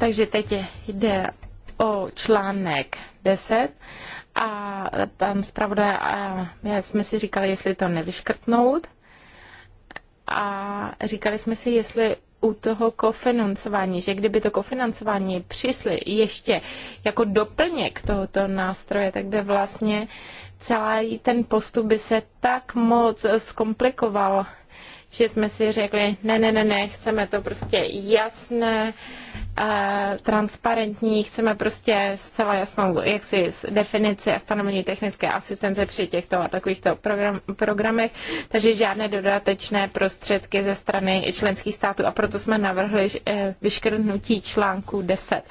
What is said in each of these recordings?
Takže teď jde o článek 10 a tam zpravodaj já jsme si říkali, jestli to nevyškrtnout a říkali jsme si, jestli u toho kofinancování, že kdyby to kofinancování přišli ještě jako doplněk tohoto nástroje, tak by vlastně celý ten postup by se tak moc zkomplikoval, že jsme si řekli, ne, ne, ne, ne, chceme to prostě jasné, Eh, transparentní, chceme prostě zcela jasnou jaksi definici a stanovení technické asistence při těchto a takovýchto program, programech, takže žádné dodatečné prostředky ze strany členských států a proto jsme navrhli eh, vyškrtnutí článku 10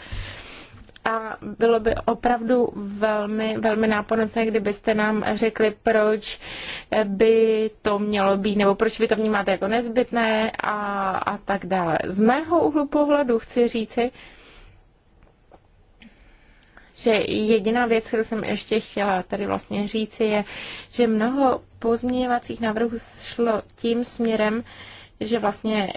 a bylo by opravdu velmi, velmi náponocné, kdybyste nám řekli, proč by to mělo být, nebo proč vy to vnímáte jako nezbytné a, a tak dále. Z mého úhlu pohledu chci říci, že jediná věc, kterou jsem ještě chtěla tady vlastně říci, je, že mnoho pozměňovacích návrhů šlo tím směrem, že vlastně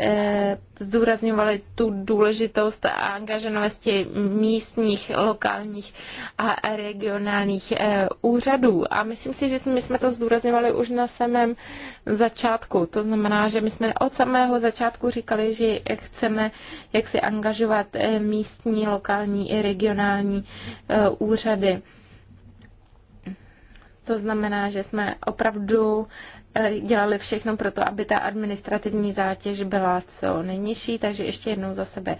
Eh, zdůrazňovali tu důležitost a angažovanosti místních, lokálních a regionálních eh, úřadů. A myslím si, že my jsme to zdůrazňovali už na samém začátku. To znamená, že my jsme od samého začátku říkali, že chceme jak si angažovat eh, místní, lokální i regionální úřady. To znamená, že jsme opravdu dělali všechno pro to, aby ta administrativní zátěž byla co nejnižší, takže ještě jednou za sebe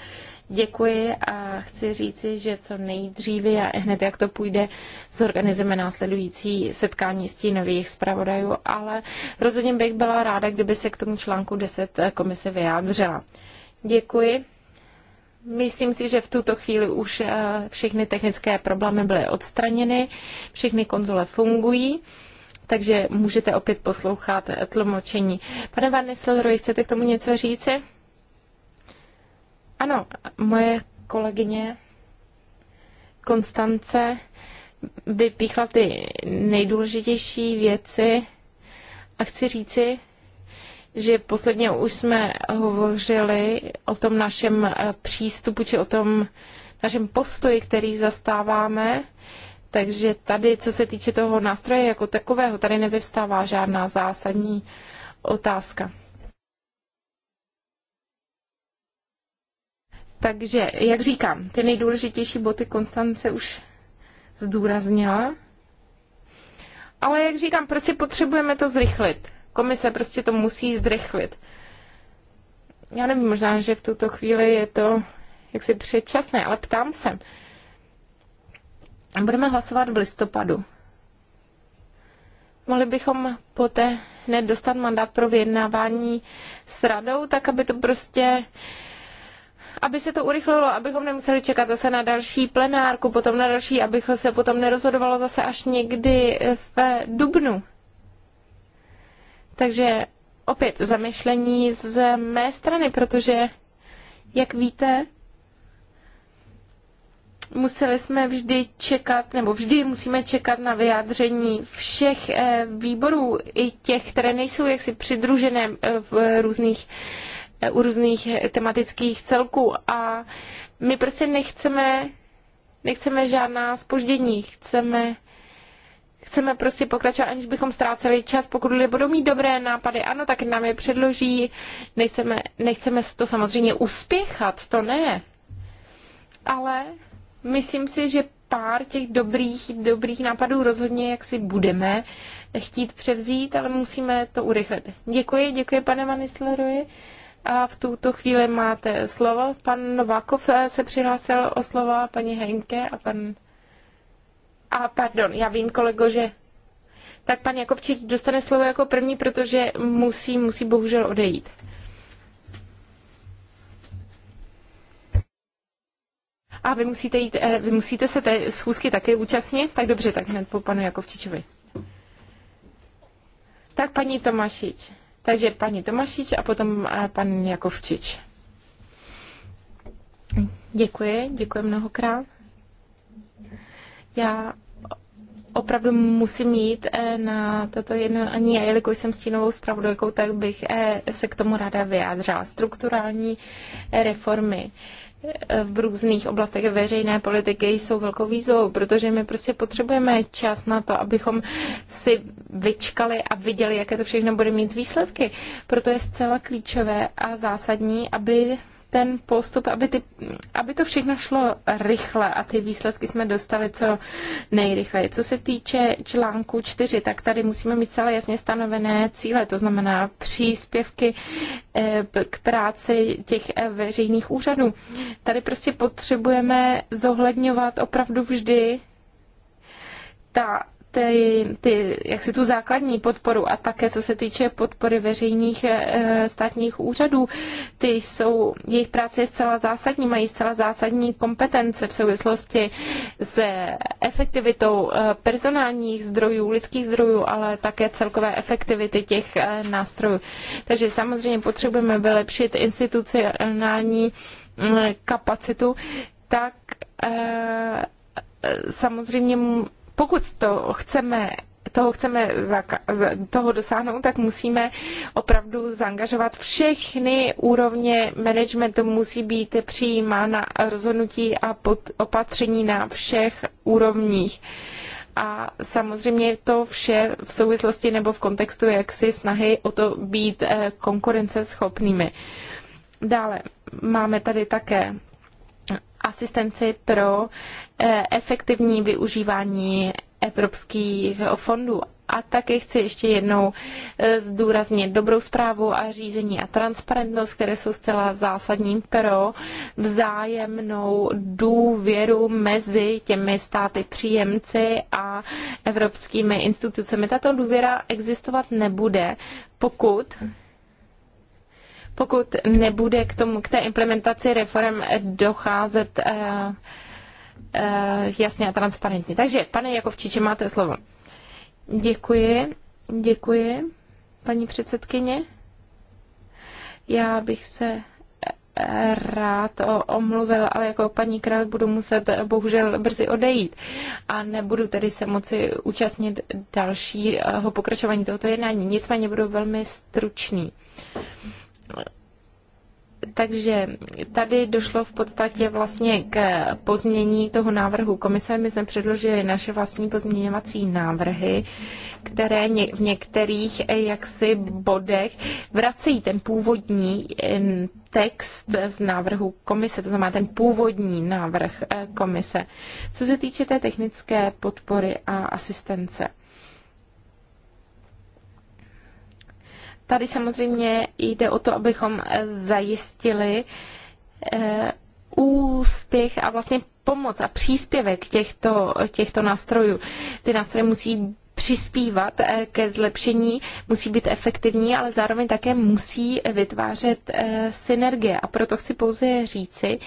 děkuji a chci říci, že co nejdříve a hned jak to půjde, zorganizujeme následující setkání s nových zpravodajů, ale rozhodně bych byla ráda, kdyby se k tomu článku 10 komise vyjádřila. Děkuji. Myslím si, že v tuto chvíli už eh, všechny technické problémy byly odstraněny, všechny konzole fungují takže můžete opět poslouchat tlumočení. Pane Varnislerovi, chcete k tomu něco říci? Ano, moje kolegyně Konstance vypíchla ty nejdůležitější věci a chci říci, že posledně už jsme hovořili o tom našem eh, přístupu, či o tom našem postoji, který zastáváme. Takže tady, co se týče toho nástroje jako takového, tady nevyvstává žádná zásadní otázka. Takže, jak říkám, ty nejdůležitější boty Konstance už zdůraznila. Ale jak říkám, prostě potřebujeme to zrychlit. Komise prostě to musí zrychlit. Já nevím, možná, že v tuto chvíli je to jaksi předčasné, ale ptám se. Budeme hlasovat v listopadu. Mohli bychom poté hned dostat mandát pro vyjednávání s radou, tak aby to prostě aby se to urychlilo, abychom nemuseli čekat zase na další plenárku, potom na další, abychom se potom nerozhodovalo zase až někdy v dubnu. Takže opět zamyšlení z mé strany, protože, jak víte, museli jsme vždy čekat, nebo vždy musíme čekat na vyjádření všech eh, výborů, i těch, které nejsou jaksi přidružené eh, v různých, eh, u různých tematických celků. A my prostě nechceme, nechceme žádná spoždění, chceme chceme prostě pokračovat, aniž bychom ztráceli čas. Pokud lidé budou mít dobré nápady, ano, tak nám je předloží. Nechceme, nechceme to samozřejmě uspěchat, to ne. Ale myslím si, že pár těch dobrých, dobrých nápadů rozhodně jak si budeme chtít převzít, ale musíme to urychlit. Děkuji, děkuji pane Manistlerovi. A v tuto chvíli máte slovo. Pan Novákov se přihlásil o slova, paní Henke a pan... A pardon, já vím, kolego, že... Tak pan Jakovčík dostane slovo jako první, protože musí, musí bohužel odejít. A vy musíte, jít, eh, vy musíte se té schůzky také účastnit? Tak dobře, tak hned po panu Jakovčičovi. Tak paní Tomašič. Takže paní Tomašič a potom eh, pan Jakovčič. Děkuji, děkuji mnohokrát. Já opravdu musím jít eh, na toto jedno, ani já, jelikož jsem stínovou zpravodajkou, tak bych se k tomu ráda vyjádřila. Strukturální reformy v různých oblastech veřejné politiky jsou velkou výzvou, protože my prostě potřebujeme čas na to, abychom si vyčkali a viděli, jaké to všechno bude mít výsledky. Proto je zcela klíčové a zásadní, aby ten postup, aby, ty, aby to všechno šlo rychle a ty výsledky jsme dostali co nejrychleji. Co se týče článku 4, tak tady musíme mít celé jasně stanovené cíle, to znamená příspěvky eh, k práci těch eh, veřejných úřadů. Tady prostě potřebujeme zohledňovat opravdu vždy ta ty, ty, jak si tu základní podporu a také co se týče podpory veřejných eh, státních úřadů, ty jsou, jejich práce je zcela zásadní, mají zcela zásadní kompetence v souvislosti s efektivitou eh, personálních zdrojů, lidských zdrojů, ale také celkové efektivity těch eh, nástrojů. Takže samozřejmě potřebujeme vylepšit institucionální kapacitu, tak samozřejmě pokud to chceme toho chceme toho dosáhnout, tak musíme opravdu zaangažovat všechny úrovně managementu. Musí být přijímána rozhodnutí a opatření na všech úrovních. A samozřejmě to vše v souvislosti nebo v kontextu jaksi snahy o to být eh, konkurenceschopnými. Dále máme tady také asistenci pro eh, efektivní využívání evropských fondů. A také chci ještě jednou eh, zdůraznit dobrou zprávu a řízení a transparentnost, které jsou zcela zásadní pro vzájemnou důvěru mezi těmi státy příjemci a evropskými institucemi. Tato důvěra existovat nebude, pokud pokud nebude k, tomu, k té implementaci reform docházet eh, eh, jasně a transparentně. Takže, pane Jakovčiče, máte slovo. Děkuji, děkuji, paní předsedkyně. Já bych se eh, rád omluvil, ale jako paní král budu muset bohužel brzy odejít a nebudu tedy se moci účastnit dalšího pokračování tohoto jednání. Nicméně budu velmi stručný takže tady došlo v podstatě vlastně k pozmění toho návrhu komise. My jsme předložili naše vlastní pozměňovací návrhy, které v některých eh, jaksi bodech vracejí ten původní eh, text z návrhu komise, to znamená ten původní návrh eh, komise, co se týče té technické podpory a asistence. Tady samozřejmě jde o to, abychom eh, zajistili eh, úspěch a vlastně pomoc a příspěvek těchto, těchto nástrojů. Ty nástroje musí přispívat eh, ke zlepšení, musí být efektivní, ale zároveň také musí vytvářet synergie. A proto chci pouze říci,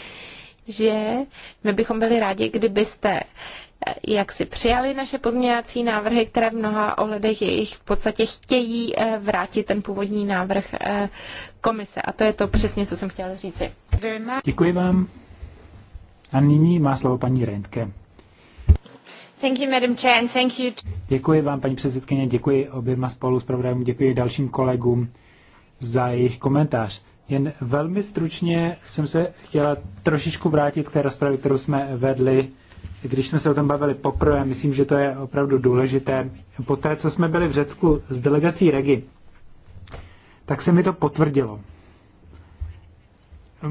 že my bychom byli rádi, kdybyste jak si přijali naše pozměňovací návrhy, které v mnoha ohledech jejich v podstatě chtějí eh, vrátit ten původní návrh eh, komise. A to je to přesně, co jsem chtěla říci. Děkuji vám. A nyní má slovo paní Rentke. Thank you, Madam Chair, and thank you. Děkuji vám, paní předsedkyně, děkuji oběma spolu s programem, děkuji dalším kolegům za jejich komentář. Jen velmi stručně jsem se chtěla trošičku vrátit k té rozpravě, kterou jsme vedli když jsme se o tom bavili poprvé, myslím, že to je opravdu důležité. Po té, co jsme byli v Řecku s delegací Regi, tak se mi to potvrdilo.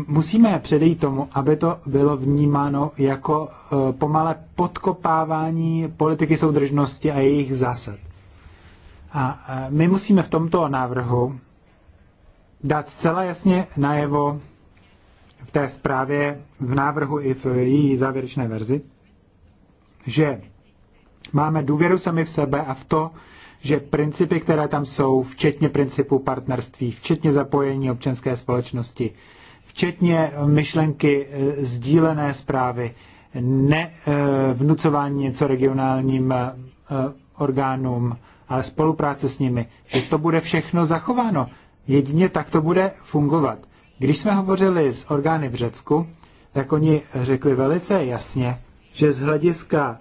Musíme předejít tomu, aby to bylo vnímáno jako e, pomalé podkopávání politiky soudržnosti a jejich zásad. A e, my musíme v tomto návrhu dát zcela jasně najevo v té zprávě, v návrhu i v její závěrečné verzi, že máme důvěru sami v sebe a v to, že principy, které tam jsou, včetně principu partnerství, včetně zapojení občanské společnosti, včetně myšlenky eh, sdílené zprávy, nevnucování eh, něco regionálním eh, orgánům, ale spolupráce s nimi, že to bude všechno zachováno. Jedině tak to bude fungovat. Když jsme hovořili s orgány v Řecku, tak oni řekli velice jasně, že z hlediska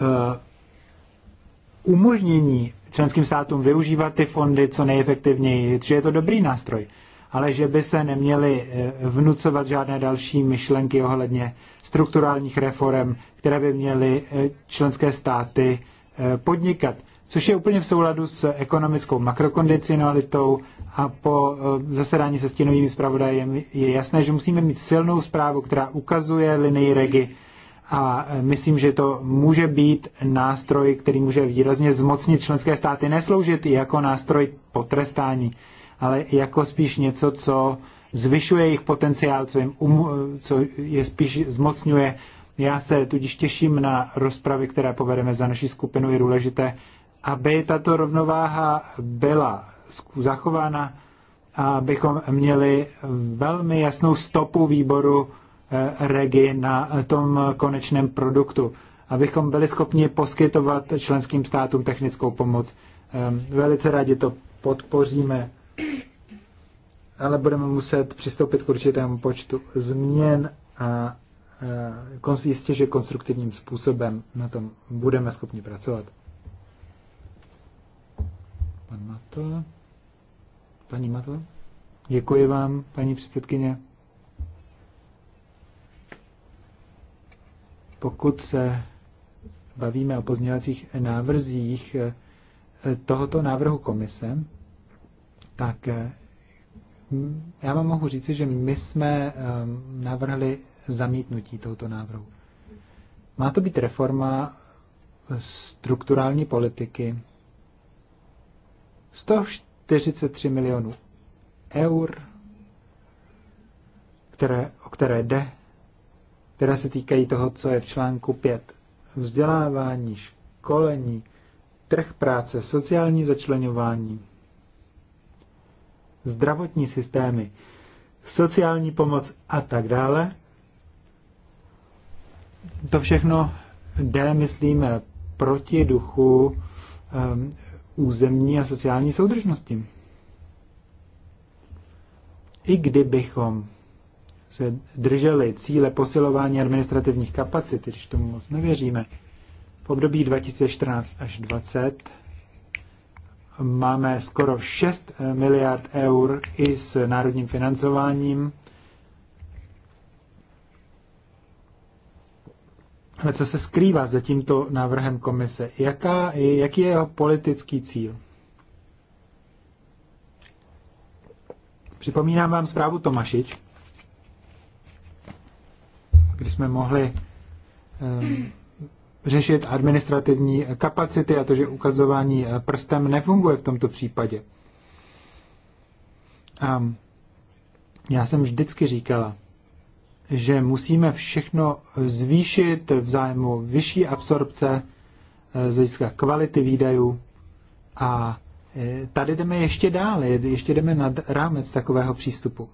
uh, umožnění členským státům využívat ty fondy co nejefektivněji, že je to dobrý nástroj, ale že by se neměly eh, vnucovat žádné další myšlenky ohledně strukturálních reform, které by měly eh, členské státy podnikat což je úplně v souladu s ekonomickou makrokondicionalitou a po zasedání se stínovými zpravodajem je jasné, že musíme mít silnou zprávu, která ukazuje linii regi a myslím, že to může být nástroj, který může výrazně zmocnit členské státy, nesloužit jako nástroj potrestání, ale jako spíš něco, co zvyšuje jejich potenciál, co, jim um, co je spíš zmocňuje. Já se tudíž těším na rozpravy, které povedeme za naší skupinu. Je důležité, aby tato rovnováha byla zachována a abychom měli velmi jasnou stopu výboru Eh, regi na tom konečném produktu, abychom byli schopni poskytovat členským státům technickou pomoc. Ehm, velice rádi to podpoříme, ale budeme muset přistoupit k určitému počtu změn a eh, jistě, že konstruktivním způsobem na tom budeme schopni pracovat. Pan Matl? Paní Matl? Děkuji vám, paní předsedkyně. pokud se bavíme o pozměňovacích návrzích eh, tohoto návrhu komise, tak eh, já vám mohu říci, že my jsme eh, navrhli zamítnutí tohoto návrhu. Má to být reforma strukturální politiky. 143 milionů eur, které, o které jde které se týkají toho, co je v článku 5. Vzdělávání, školení, trh práce, sociální začlenování, zdravotní systémy, sociální pomoc a tak dále. To všechno jde, myslíme, proti duchu um, územní a sociální soudržnosti. I kdybychom se drželi cíle posilování administrativních kapacit, když tomu moc nevěříme, v období 2014 až 2020 máme skoro 6 miliard eur i s národním financováním. Ale co se skrývá za tímto návrhem komise? Jaká, jaký je jeho politický cíl? Připomínám vám zprávu Tomašič, kdy jsme mohli eh, řešit administrativní kapacity a to, že ukazování eh, prstem nefunguje v tomto případě. A já jsem vždycky říkala, že musíme všechno zvýšit v zájmu vyšší absorpce eh, z hlediska kvality výdajů a tady jdeme ještě dál, ještě jdeme nad rámec takového přístupu.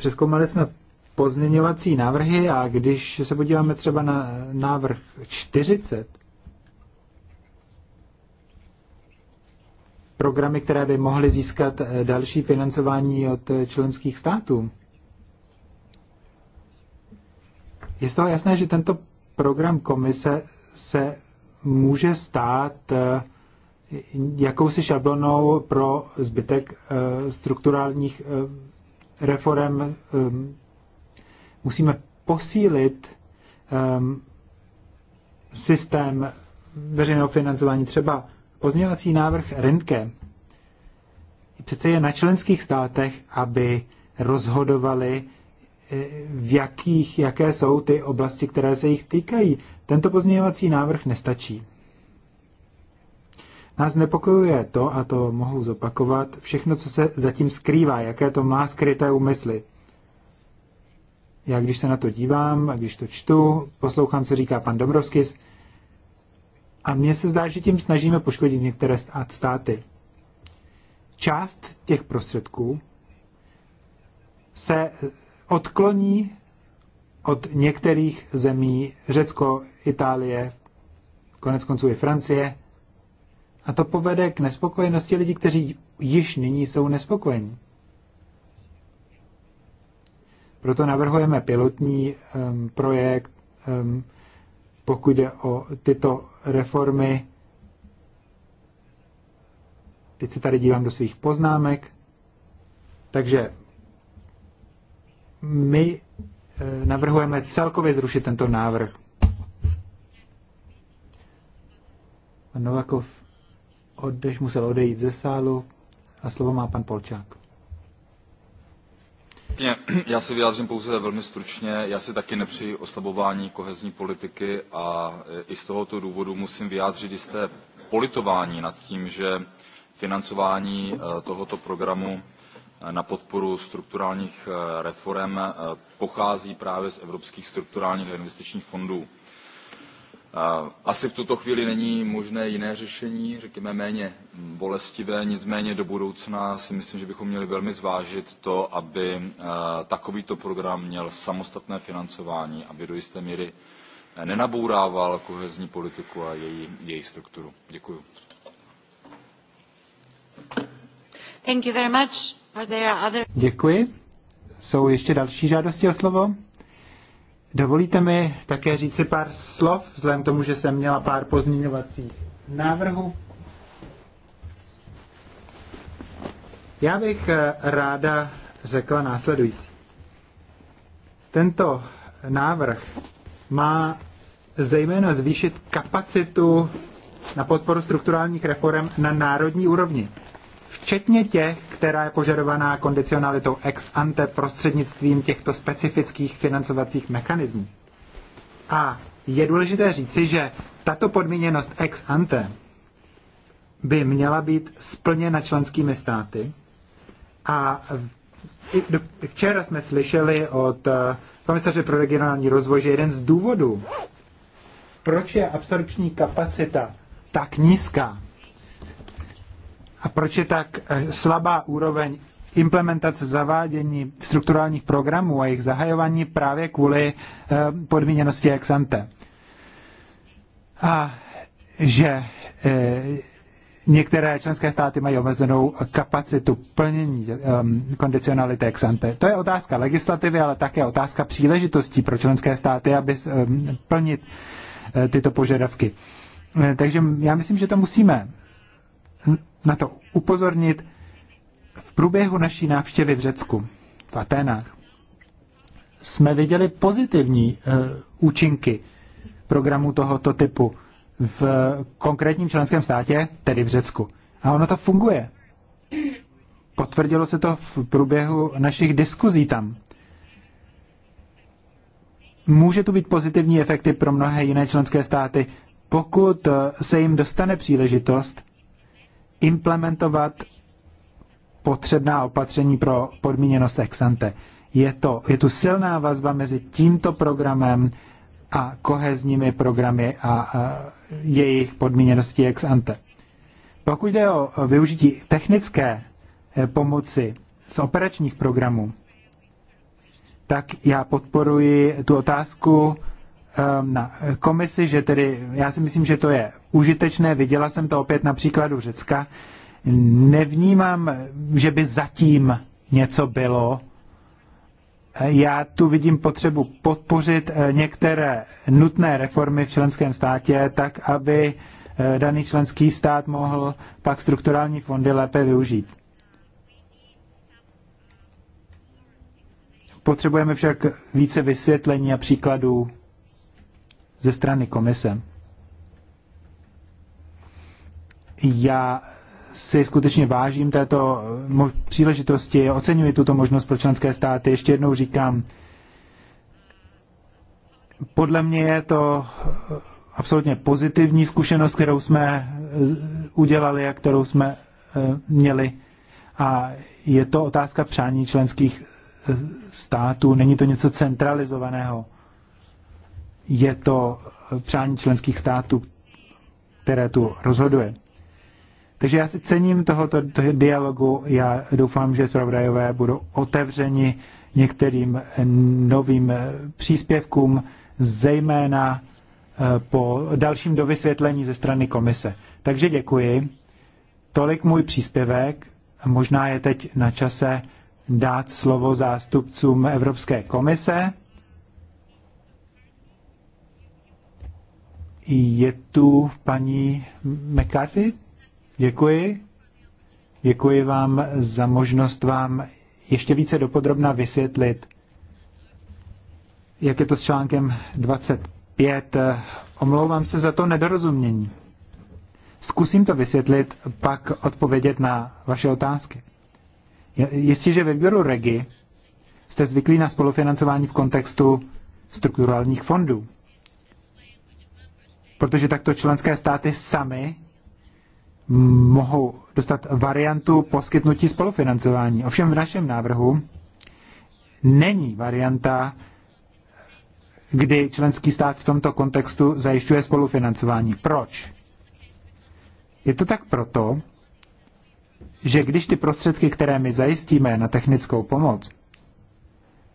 Přeskoumali jsme pozměňovací návrhy a když se podíváme třeba na návrh 40, programy, které by mohly získat eh, další financování od eh, členských států. Je z toho jasné, že tento program komise se může stát eh, jakousi šablonou pro zbytek strukturálních reform um, musíme posílit um, systém veřejného financování. Třeba pozměňovací návrh Rentke přece je na členských státech, aby rozhodovali, eh, v jakých, jaké jsou ty oblasti, které se jich týkají. Tento pozměňovací návrh nestačí. Nás nepokojuje to, a to mohu zopakovat, všechno, co se zatím skrývá, jaké to má skryté úmysly. Já když se na to dívám a když to čtu, poslouchám, co říká pan Dobrovskis, a mně se zdá, že tím snažíme poškodit některé státy. Část těch prostředků se odkloní od některých zemí, Řecko, Itálie, konec konců i Francie, a to povede k nespokojenosti lidí, kteří již nyní jsou nespokojení. Proto navrhujeme pilotní um, projekt, um, pokud jde o tyto reformy. Teď se tady dívám do svých poznámek. Takže my e, navrhujeme celkově zrušit tento návrh. Novakov odeš, musel odejít ze sálu a slovo má pan Polčák. Já se vyjádřím pouze velmi stručně. Já si taky nepřeji oslabování kohezní politiky a i z tohoto důvodu musím vyjádřit jisté politování nad tím, že financování eh, tohoto programu eh, na podporu strukturálních eh, reforem pochází právě z evropských strukturálních investičních fondů asi v tuto chvíli není možné jiné řešení řekněme méně bolestivé nicméně do budoucna si myslím že bychom měli velmi zvážit to aby eh, takovýto program měl samostatné financování aby do jisté míry eh, nenabourával kohezní politiku a její, její strukturu. děkuji. Děkuji. Jsou ještě další žádosti o slovo? Dovolíte mi také říci pár slov, vzhledem k tomu, že jsem měla pár pozměňovacích návrhů. Já bych eh, ráda řekla následující. Tento návrh má zejména zvýšit kapacitu na podporu strukturálních reform na národní úrovni včetně těch, která je požadovaná kondicionalitou ex ante prostřednictvím těchto specifických financovacích mechanismů. A je důležité říci, že tato podmíněnost ex ante by měla být splněna členskými státy a včera jsme slyšeli od eh, komisaře pro regionální rozvoj, že jeden z důvodů, proč je absorpční kapacita tak nízká, a proč je tak eh, slabá úroveň implementace zavádění strukturálních programů a jejich zahajování právě kvůli eh, podmíněnosti ex ante. A že eh, některé členské státy mají omezenou kapacitu plnění um, kondicionality ex ante. To je otázka legislativy, ale také otázka příležitostí pro členské státy, aby um, plnit uh, tyto požadavky. Takže já myslím, že to musíme na to upozornit v průběhu naší návštěvy v Řecku, v Aténách. Jsme viděli pozitivní e, účinky programu tohoto typu v konkrétním členském státě, tedy v Řecku. A ono to funguje. Potvrdilo se to v průběhu našich diskuzí tam. Může to být pozitivní efekty pro mnohé jiné členské státy, pokud eh, se jim dostane příležitost implementovat potřebná opatření pro podmíněnost ex ante. Je, to, je tu silná vazba mezi tímto programem a kohezními programy a, a jejich podmíněností ex ante. Pokud jde o využití technické eh, pomoci z operačních programů, tak já podporuji tu otázku Um, na komisi, že tedy já si myslím, že to je užitečné. Viděla jsem to opět na příkladu Řecka. Nevnímám, že by zatím něco bylo. Já tu vidím potřebu podpořit eh, některé nutné reformy v členském státě, tak aby eh, daný členský stát mohl pak strukturální fondy lépe využít. Potřebujeme však více vysvětlení a příkladů ze strany komise. Já si skutečně vážím této příležitosti, oceňuji tuto možnost pro členské státy. Ještě jednou říkám, podle mě je to absolutně pozitivní zkušenost, kterou jsme eh, udělali a kterou jsme eh, měli. A je to otázka přání členských eh, států, není to něco centralizovaného je to přání členských států, které tu rozhoduje. Takže já si cením tohoto dialogu. Já doufám, že zpravodajové budou otevřeni některým novým příspěvkům, zejména eh, po dalším dovysvětlení ze strany komise. Takže děkuji. Tolik můj příspěvek. Možná je teď na čase dát slovo zástupcům Evropské komise. Je tu paní McCarthy? Děkuji. Děkuji vám za možnost vám ještě více dopodrobna vysvětlit, jak je to s článkem 25. Omlouvám se za to nedorozumění. Zkusím to vysvětlit, pak odpovědět na vaše otázky. Jestliže ve výboru REGI jste zvyklí na spolufinancování v kontextu strukturálních fondů, protože takto členské státy sami mohou dostat variantu poskytnutí spolufinancování. Ovšem v našem návrhu není varianta, kdy členský stát v tomto kontextu zajišťuje spolufinancování. Proč? Je to tak proto, že když ty prostředky, které my zajistíme na technickou pomoc,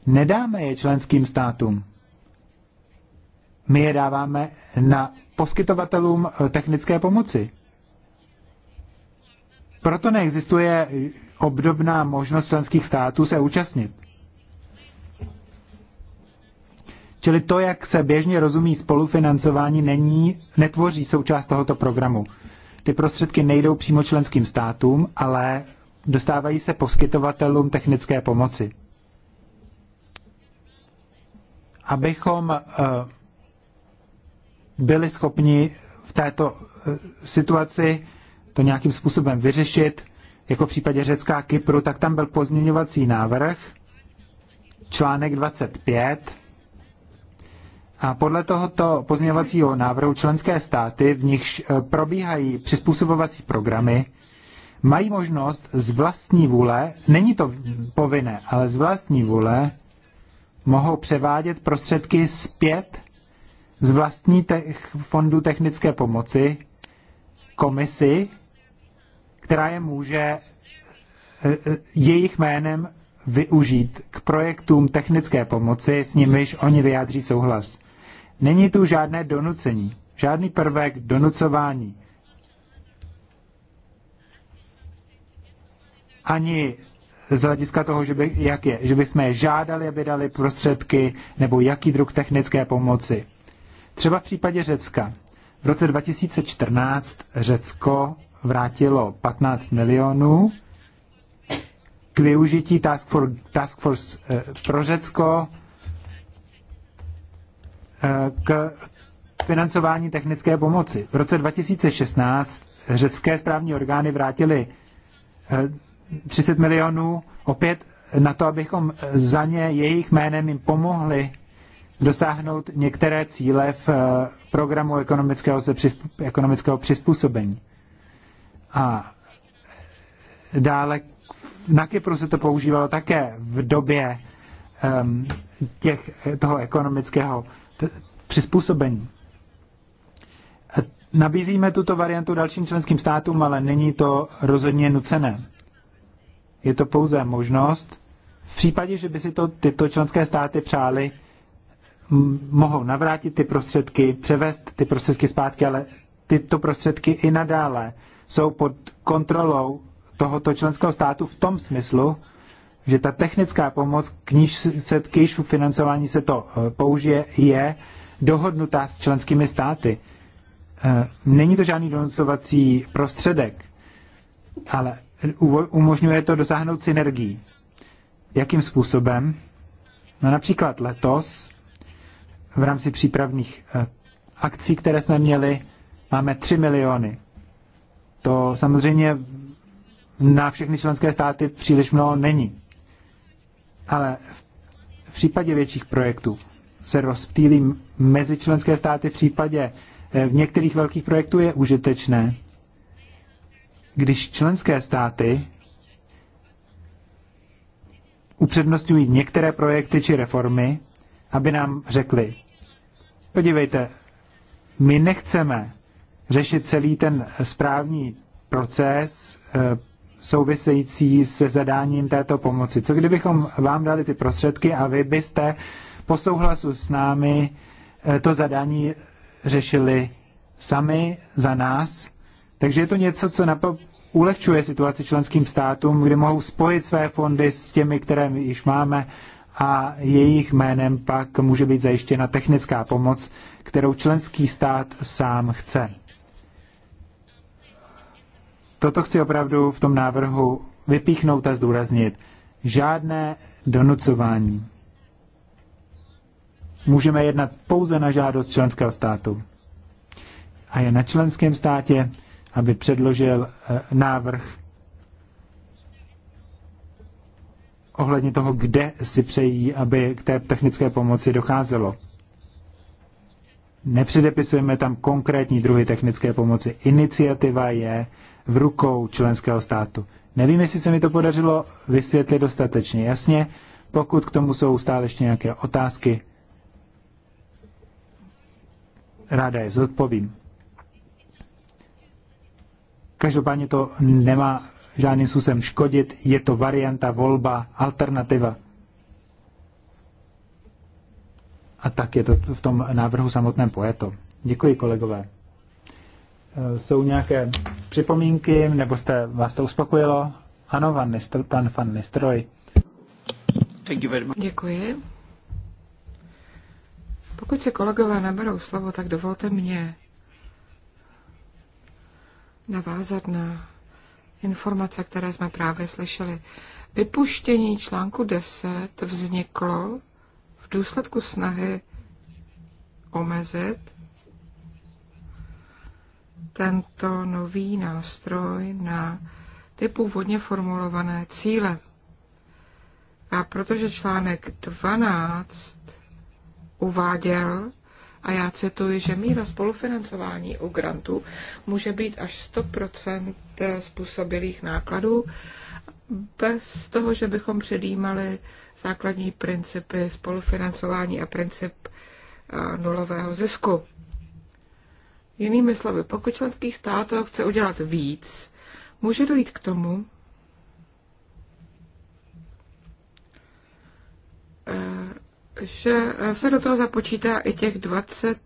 nedáme je členským státům, my je dáváme na poskytovatelům eh, technické pomoci. Proto neexistuje obdobná možnost členských států se účastnit. Čili to, jak se běžně rozumí spolufinancování, není, netvoří součást tohoto programu. Ty prostředky nejdou přímo členským státům, ale dostávají se poskytovatelům technické pomoci. Abychom eh, byli schopni v této eh, situaci to nějakým způsobem vyřešit, jako v případě Řecka a Kypru, tak tam byl pozměňovací návrh, článek 25. A podle tohoto pozměňovacího návrhu členské státy, v nichž eh, probíhají přizpůsobovací programy, mají možnost z vlastní vůle, není to povinné, ale z vlastní vůle, mohou převádět prostředky zpět z vlastní te- fondu technické pomoci komisi, která je může eh, eh, jejich jménem využít k projektům technické pomoci, s nimiž oni vyjádří souhlas. Není tu žádné donucení, žádný prvek donucování. Ani z hlediska toho, že, by, jak je, že bychom je žádali, aby dali prostředky, nebo jaký druh technické pomoci. Třeba v případě Řecka. V roce 2014 Řecko vrátilo 15 milionů k využití Task, Force, task Force eh, pro Řecko eh, k financování technické pomoci. V roce 2016 řecké správní orgány vrátily 30 eh, milionů opět na to, abychom za ně jejich jménem jim pomohli dosáhnout některé cíle v eh, programu ekonomického, se přizp, ekonomického přizpůsobení. A dále na Kypru se to používalo také v době um, těch, toho ekonomického přizpůsobení. Nabízíme tuto variantu dalším členským státům, ale není to rozhodně nucené. Je to pouze možnost. V případě, že by si to tyto členské státy přáli, mohou navrátit ty prostředky, převést ty prostředky zpátky, ale tyto prostředky i nadále jsou pod kontrolou tohoto členského státu v tom smyslu, že ta technická pomoc, k níž se k financování se to e, použije, je dohodnutá s členskými státy. E, není to žádný donucovací prostředek, ale umožňuje to dosáhnout synergií. Jakým způsobem? No například letos v rámci přípravných eh, akcí, které jsme měli, máme 3 miliony. To samozřejmě na všechny členské státy příliš mnoho není. Ale v případě větších projektů se rozptýlí mezi členské státy v případě eh, v některých velkých projektů je užitečné, když členské státy upřednostňují některé projekty či reformy, aby nám řekli, Podívejte, my nechceme řešit celý ten správní proces eh, související se zadáním této pomoci. Co kdybychom vám dali ty prostředky a vy byste po souhlasu s námi eh, to zadání řešili sami za nás? Takže je to něco, co napo- ulehčuje situaci členským státům, kdy mohou spojit své fondy s těmi, které my již máme a jejich jménem pak může být zajištěna technická pomoc, kterou členský stát sám chce. Toto chci opravdu v tom návrhu vypíchnout a zdůraznit. Žádné donucování. Můžeme jednat pouze na žádost členského státu. A je na členském státě, aby předložil eh, návrh ohledně toho, kde si přejí, aby k té technické pomoci docházelo. Nepředepisujeme tam konkrétní druhy technické pomoci. Iniciativa je v rukou členského státu. Nevím, jestli se mi to podařilo vysvětlit dostatečně jasně. Pokud k tomu jsou stále ještě nějaké otázky, ráda je zodpovím. Každopádně to nemá žádným způsobem škodit, je to varianta, volba, alternativa. A tak je to v tom návrhu samotném poeto. Děkuji, kolegové. E, jsou nějaké připomínky, nebo jste, vás to uspokojilo? Ano, pan, Nistr, pan, Nistroj. Děkuji. Pokud se kolegové neberou slovo, tak dovolte mě navázat na informace, které jsme právě slyšeli. Vypuštění článku 10 vzniklo v důsledku snahy omezit tento nový nástroj na ty původně formulované cíle. A protože článek 12 uváděl, a já cituji, že míra spolufinancování u grantů může být až 100% způsobilých nákladů bez toho, že bychom předjímali základní principy spolufinancování a princip eh, nulového zisku. Jinými slovy, pokud členský stát chce udělat víc, může dojít k tomu, že se do toho započítá i těch 20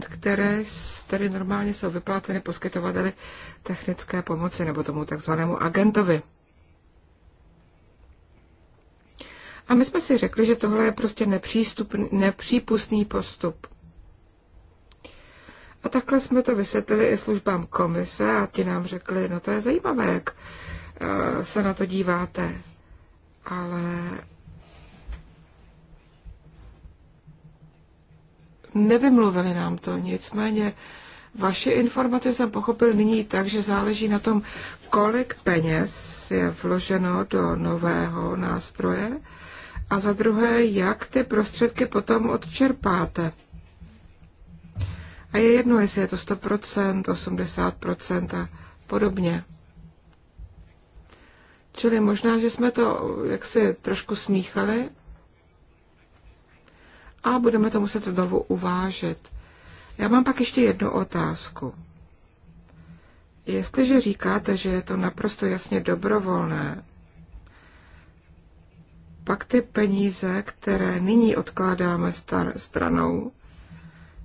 které tedy normálně jsou vypláceny poskytovateli technické pomoci nebo tomu takzvanému agentovi. A my jsme si řekli, že tohle je prostě nepřístupný, nepřípustný postup. A takhle jsme to vysvětlili i službám komise a ti nám řekli, no to je zajímavé, jak eh, se na to díváte. Ale nevymluvili nám to. Nicméně vaše informace jsem pochopil nyní tak, že záleží na tom, kolik peněz je vloženo do nového nástroje a za druhé, jak ty prostředky potom odčerpáte. A je jedno, jestli je to 100%, 80% a podobně. Čili možná, že jsme to jaksi trošku smíchali, a budeme to muset znovu uvážet. Já mám pak ještě jednu otázku. Jestliže říkáte, že je to naprosto jasně dobrovolné, pak ty peníze, které nyní odkládáme star- stranou,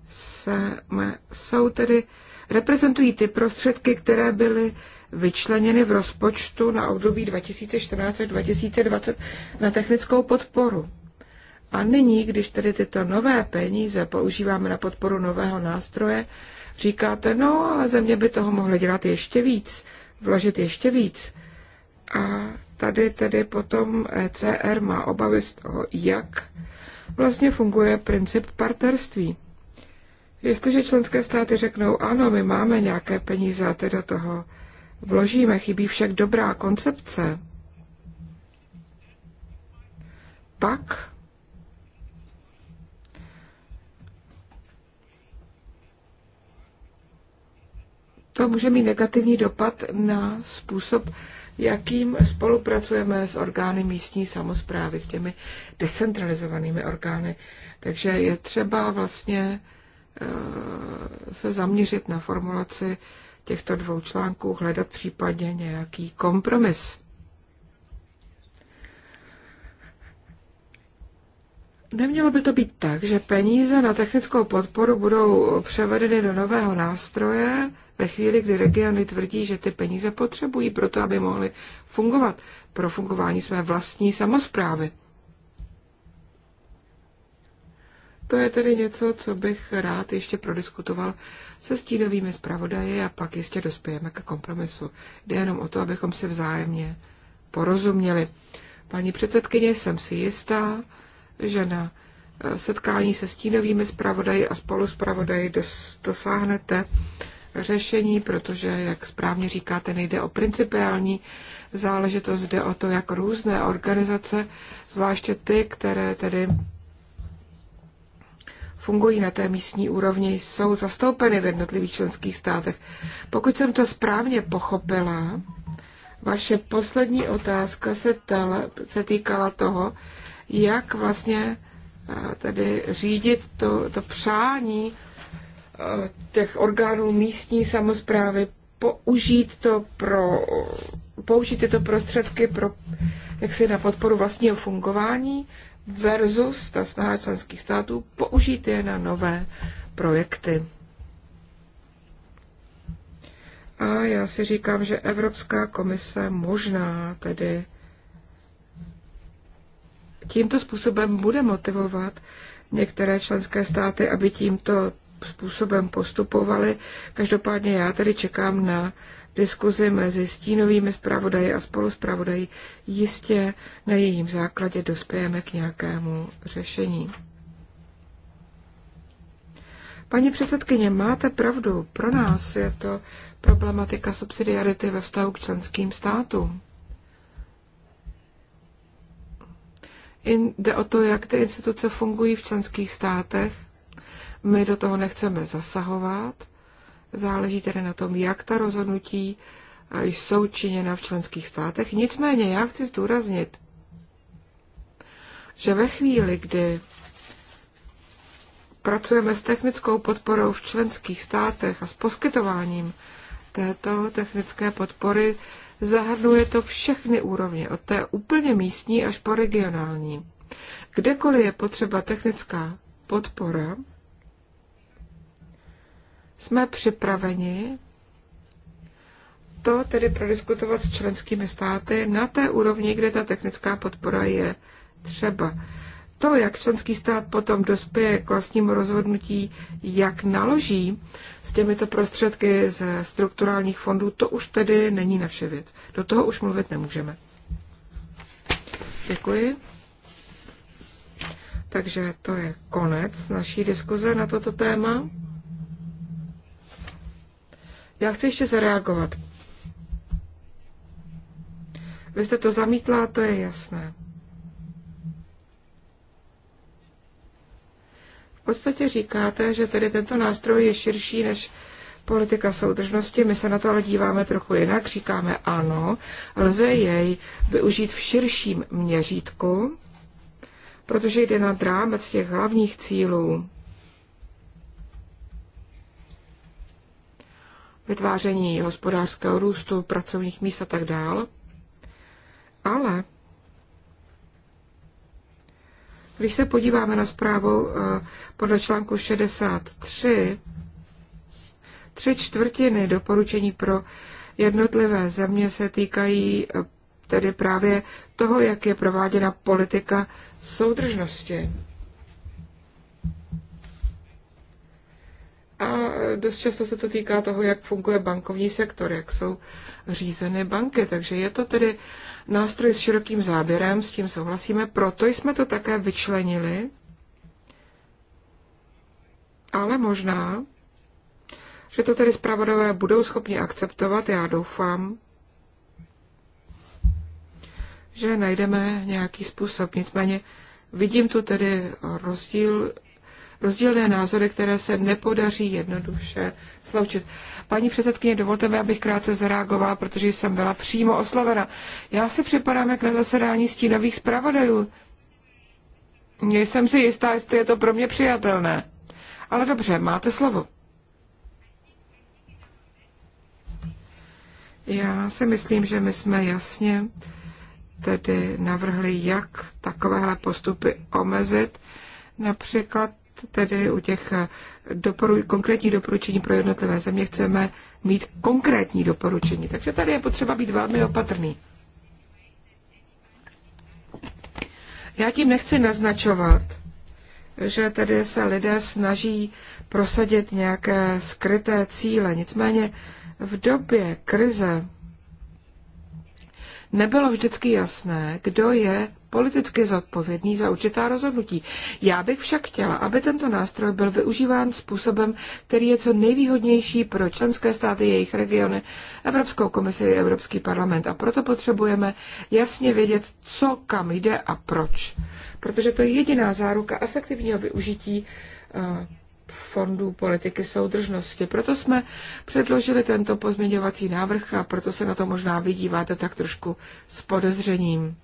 se, me, jsou tedy, reprezentují ty prostředky, které byly vyčleněny v rozpočtu na období 2014-2020 na technickou podporu. A nyní, když tedy tyto nové peníze používáme na podporu nového nástroje, říkáte, no ale země by toho mohly dělat ještě víc, vložit ještě víc. A tady tedy potom ECR má obavy z toho, jak vlastně funguje princip partnerství. Jestliže členské státy řeknou, ano, my máme nějaké peníze a ty do toho vložíme, chybí však dobrá koncepce, pak to může mít negativní dopad na způsob, jakým spolupracujeme s orgány místní samozprávy, s těmi decentralizovanými orgány. Takže je třeba vlastně eh, se zaměřit na formulaci těchto dvou článků, hledat případně nějaký kompromis. Nemělo by to být tak, že peníze na technickou podporu budou převedeny do nového nástroje, ve chvíli, kdy regiony tvrdí, že ty peníze potřebují pro to, aby mohly fungovat pro fungování své vlastní samozprávy. To je tedy něco, co bych rád ještě prodiskutoval se stínovými zpravodaji a pak jistě dospějeme k kompromisu. Jde jenom o to, abychom se vzájemně porozuměli. Paní předsedkyně, jsem si jistá, že na eh, setkání se stínovými zpravodaji a spolu zpravodaji dos- dosáhnete řešení, protože, jak správně říkáte, nejde o principiální záležitost, jde o to, jak různé organizace, zvláště ty, které tedy fungují na té místní úrovni, jsou zastoupeny v jednotlivých členských státech. Pokud jsem to správně pochopila, vaše poslední otázka se, tala, se týkala toho, jak vlastně eh, tedy řídit to, to přání těch orgánů místní samozprávy použít to pro použít tyto prostředky pro, jak se na podporu vlastního fungování versus ta snaha členských států použít je na nové projekty. A já si říkám, že Evropská komise možná tedy tímto způsobem bude motivovat některé členské státy, aby tímto způsobem postupovali. Každopádně já tedy čekám na diskuzi mezi stínovými zpravodaji a spoluzpravodají, Jistě na jejím základě dospějeme k nějakému řešení. Paní předsedkyně, máte pravdu, pro nás je to problematika subsidiarity ve vztahu k členským státům. In, jde o to, jak ty instituce fungují v členských státech my do toho nechceme zasahovat. Záleží tedy na tom, jak ta rozhodnutí eh, jsou činěna v členských státech. Nicméně já chci zdůraznit, že ve chvíli, kdy pracujeme s technickou podporou v členských státech a s poskytováním této technické podpory, zahrnuje to všechny úrovně, od té úplně místní až po regionální. Kdekoliv je potřeba technická podpora, jsme připraveni to tedy prodiskutovat s členskými státy na té úrovni, kde ta technická podpora je třeba. To, jak členský stát potom dospěje k vlastnímu rozhodnutí, jak naloží s těmito prostředky ze strukturálních fondů, to už tedy není naše věc. Do toho už mluvit nemůžeme. Děkuji. Takže to je konec naší diskuze na toto téma. Já chci ještě zareagovat. Vy jste to zamítla, to je jasné. V podstatě říkáte, že tedy tento nástroj je širší než politika soudržnosti. My se na to ale díváme trochu jinak. Říkáme ano, lze jej využít v širším měřítku, protože jde na rámec těch hlavních cílů vytváření hospodářského růstu, pracovních míst a tak dál. Ale když se podíváme na zprávu eh, podle článku 63, tři čtvrtiny doporučení pro jednotlivé země se týkají eh, tedy právě toho, jak je prováděna politika soudržnosti. A dost často se to týká toho, jak funguje bankovní sektor, jak jsou řízeny banky. Takže je to tedy nástroj s širokým záběrem, s tím souhlasíme, proto jsme to také vyčlenili. Ale možná, že to tedy zpravodové budou schopni akceptovat, já doufám, že najdeme nějaký způsob. Nicméně vidím tu tedy rozdíl rozdílné názory, které se nepodaří jednoduše sloučit. Paní předsedkyně, dovolte mi, abych krátce zareagovala, protože jsem byla přímo oslovena. Já si připadám jak na zasedání stínových zpravodajů. Nejsem si jistá, jestli je to pro mě přijatelné. Ale dobře, máte slovo. Já si myslím, že my jsme jasně tedy navrhli, jak takovéhle postupy omezit. Například tedy u těch eh, doporu, konkrétních doporučení pro jednotlivé země chceme mít konkrétní doporučení. Takže tady je potřeba být velmi opatrný. Já tím nechci naznačovat, že tedy se lidé snaží prosadit nějaké skryté cíle. Nicméně v době krize nebylo vždycky jasné, kdo je politicky zodpovědný za určitá rozhodnutí. Já bych však chtěla, aby tento nástroj byl využíván způsobem, který je co nejvýhodnější pro členské státy, jejich regiony, Evropskou komisi, Evropský parlament. A proto potřebujeme jasně vědět, co kam jde a proč. Protože to je jediná záruka efektivního využití eh, fondů politiky soudržnosti. Proto jsme předložili tento pozměňovací návrh a proto se na to možná vydíváte tak trošku s podezřením.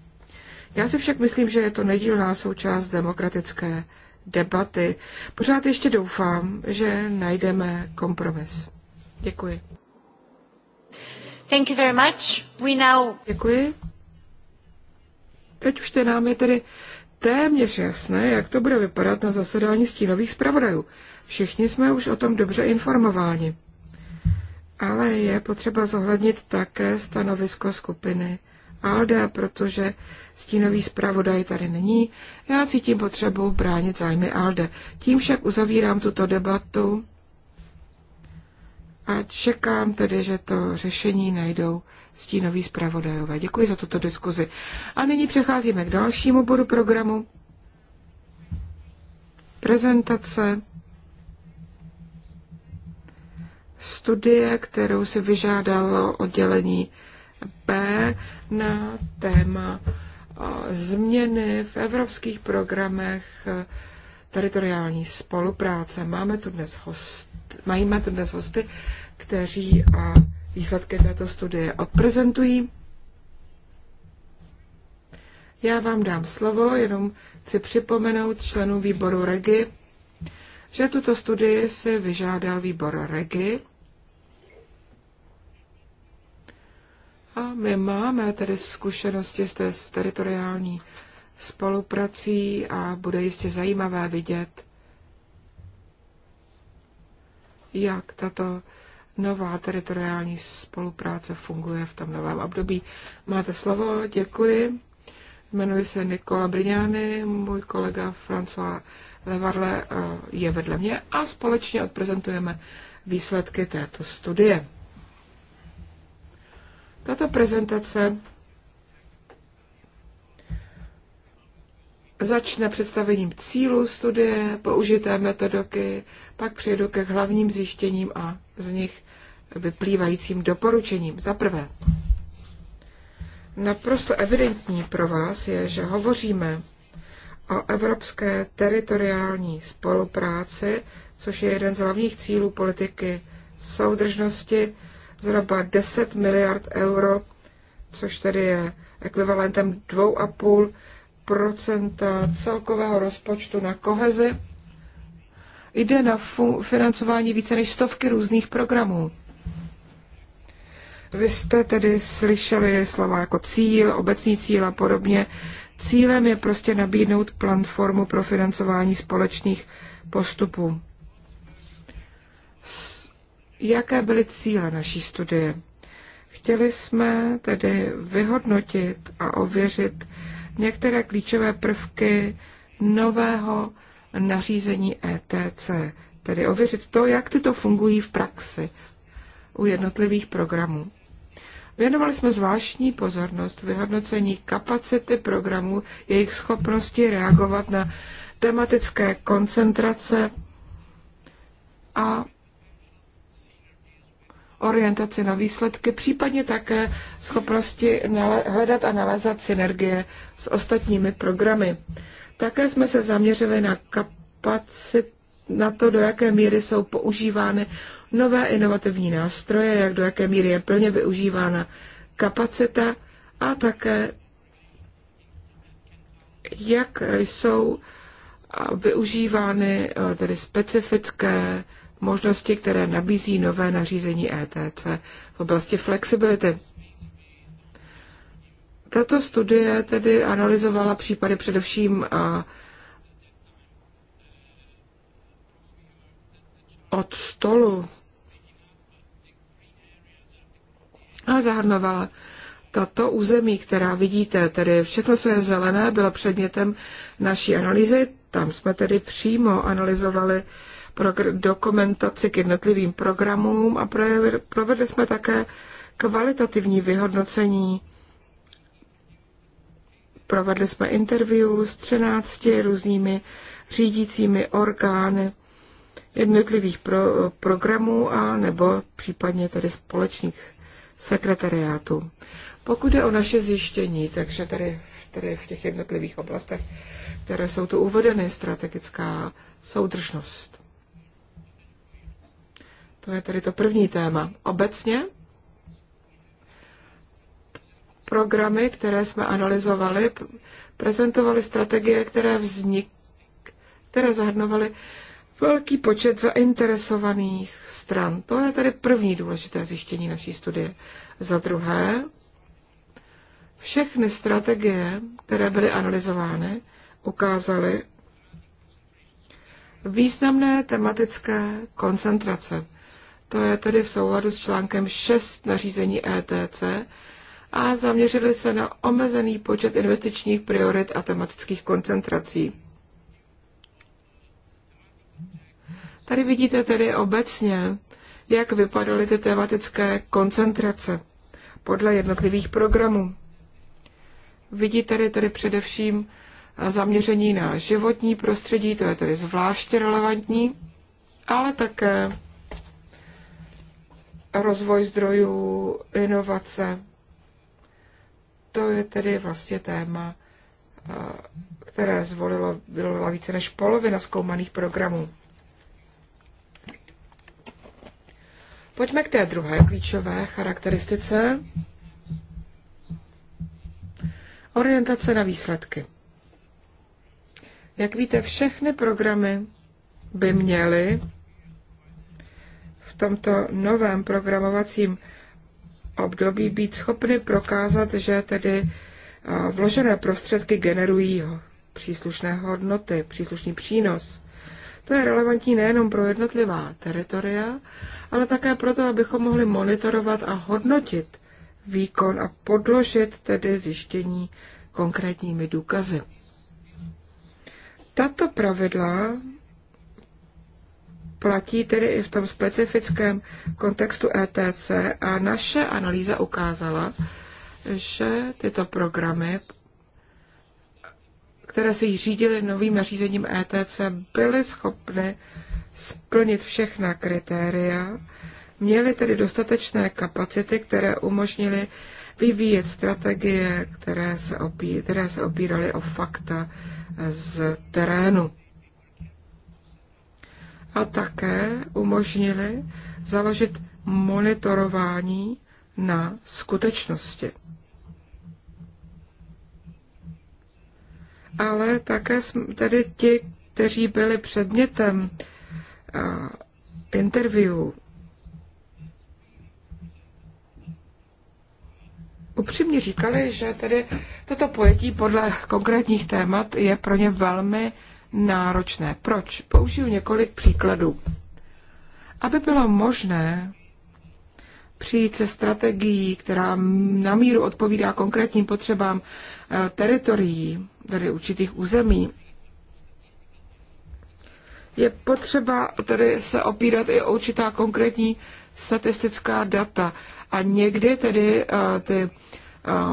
Já si však myslím, že je to nedílná součást demokratické debaty. Pořád ještě doufám, že najdeme kompromis. Děkuji. Thank you very much. We now... Děkuji. Teď už nám je tedy téměř jasné, jak to bude vypadat na zasedání stínových zpravodajů. Všichni jsme už o tom dobře informováni. Ale je potřeba zohlednit také stanovisko skupiny ALDE, protože stínový zpravodaj tady není. Já cítím potřebu bránit zájmy ALDE. Tím však uzavírám tuto debatu a čekám tedy, že to řešení najdou stínový zpravodajové. Děkuji za tuto diskuzi. A nyní přecházíme k dalšímu bodu programu. Prezentace studie, kterou si vyžádalo oddělení B na téma eh, změny v evropských programech eh, teritoriální spolupráce. Máme tu dnes host, majíme tu dnes hosty, kteří a eh, výsledky této studie odprezentují. Já vám dám slovo, jenom chci připomenout členům výboru REGI, že tuto studii si vyžádal výbor REGI A my máme tedy zkušenosti s, té, teritoriální spoluprací a bude jistě zajímavé vidět, jak tato nová teritoriální spolupráce funguje v tom novém období. Máte slovo, děkuji. Jmenuji se Nikola Brignani, můj kolega François Levarle eh, je vedle mě a společně odprezentujeme výsledky této studie. Tato prezentace začne představením cílů studie, použité metodiky, pak přejdu ke hlavním zjištěním a z nich vyplývajícím doporučením. Za prvé, naprosto evidentní pro vás je, že hovoříme o evropské teritoriální spolupráci, což je jeden z hlavních cílů politiky soudržnosti zhruba 10 miliard euro, což tedy je ekvivalentem 2,5 celkového rozpočtu na kohezi. Jde na financování více než stovky různých programů. Vy jste tedy slyšeli slova jako cíl, obecní cíl a podobně. Cílem je prostě nabídnout platformu pro financování společných postupů. Jaké byly cíle naší studie? Chtěli jsme tedy vyhodnotit a ověřit některé klíčové prvky nového nařízení ETC, tedy ověřit to, jak tyto fungují v praxi u jednotlivých programů. Věnovali jsme zvláštní pozornost vyhodnocení kapacity programů, jejich schopnosti reagovat na tematické koncentrace a orientaci na výsledky, případně také schopnosti hledat a nalézat synergie s ostatními programy. Také jsme se zaměřili na kapacit, na to, do jaké míry jsou používány nové inovativní nástroje, jak do jaké míry je plně využívána kapacita a také jak jsou využívány eh, tedy specifické možnosti, které nabízí nové nařízení ETC v oblasti flexibility. Tato studie tedy analyzovala případy především a od stolu a zahrnovala tato území, která vidíte, tedy všechno, co je zelené, bylo předmětem naší analýzy. Tam jsme tedy přímo analyzovali dokumentaci k jednotlivým programům a provedli jsme také kvalitativní vyhodnocení. Provedli jsme interview s 13 různými řídícími orgány jednotlivých pro, programů a nebo případně tedy společných sekretariátů. Pokud je o naše zjištění, takže tady, tady v těch jednotlivých oblastech, které jsou tu uvedeny, strategická soudržnost. To je tedy to první téma. Obecně programy, které jsme analyzovali, prezentovaly strategie, které vznik, které zahrnovaly velký počet zainteresovaných stran. To je tedy první důležité zjištění naší studie. Za druhé, všechny strategie, které byly analyzovány, ukázaly významné tematické koncentrace. To je tedy v souladu s článkem 6 nařízení ETC a zaměřili se na omezený počet investičních priorit a tematických koncentrací. Tady vidíte tedy obecně, jak vypadaly ty tematické koncentrace podle jednotlivých programů. Vidíte tady, tady především zaměření na životní prostředí, to je tedy zvláště relevantní, ale také rozvoj zdrojů, inovace. To je tedy vlastně téma, eh, které zvolilo bylo více než polovina zkoumaných programů. Pojďme k té druhé klíčové charakteristice. Orientace na výsledky. Jak víte, všechny programy by měly tomto novém programovacím období být schopny prokázat, že tedy eh, vložené prostředky generují příslušné hodnoty, příslušný přínos. To je relevantní nejenom pro jednotlivá teritoria, ale také proto, abychom mohli monitorovat a hodnotit výkon a podložit tedy zjištění konkrétními důkazy. Tato pravidla platí tedy i v tom specifickém kontextu ETC a naše analýza ukázala, že tyto programy, které se řídily novým nařízením ETC, byly schopny splnit všechna kritéria, měly tedy dostatečné kapacity, které umožnily vyvíjet strategie, které se, opí, které se opíraly o fakta z terénu a také umožnili založit monitorování na skutečnosti. Ale také tedy ti, kteří byli předmětem interview, upřímně říkali, že tedy toto pojetí podle konkrétních témat je pro ně velmi náročné. Proč? Použiju několik příkladů. Aby bylo možné přijít se strategií, která na míru odpovídá konkrétním potřebám eh, teritorií, tedy určitých území, je potřeba tedy se opírat i o určitá konkrétní statistická data. A někdy tedy eh, ty eh,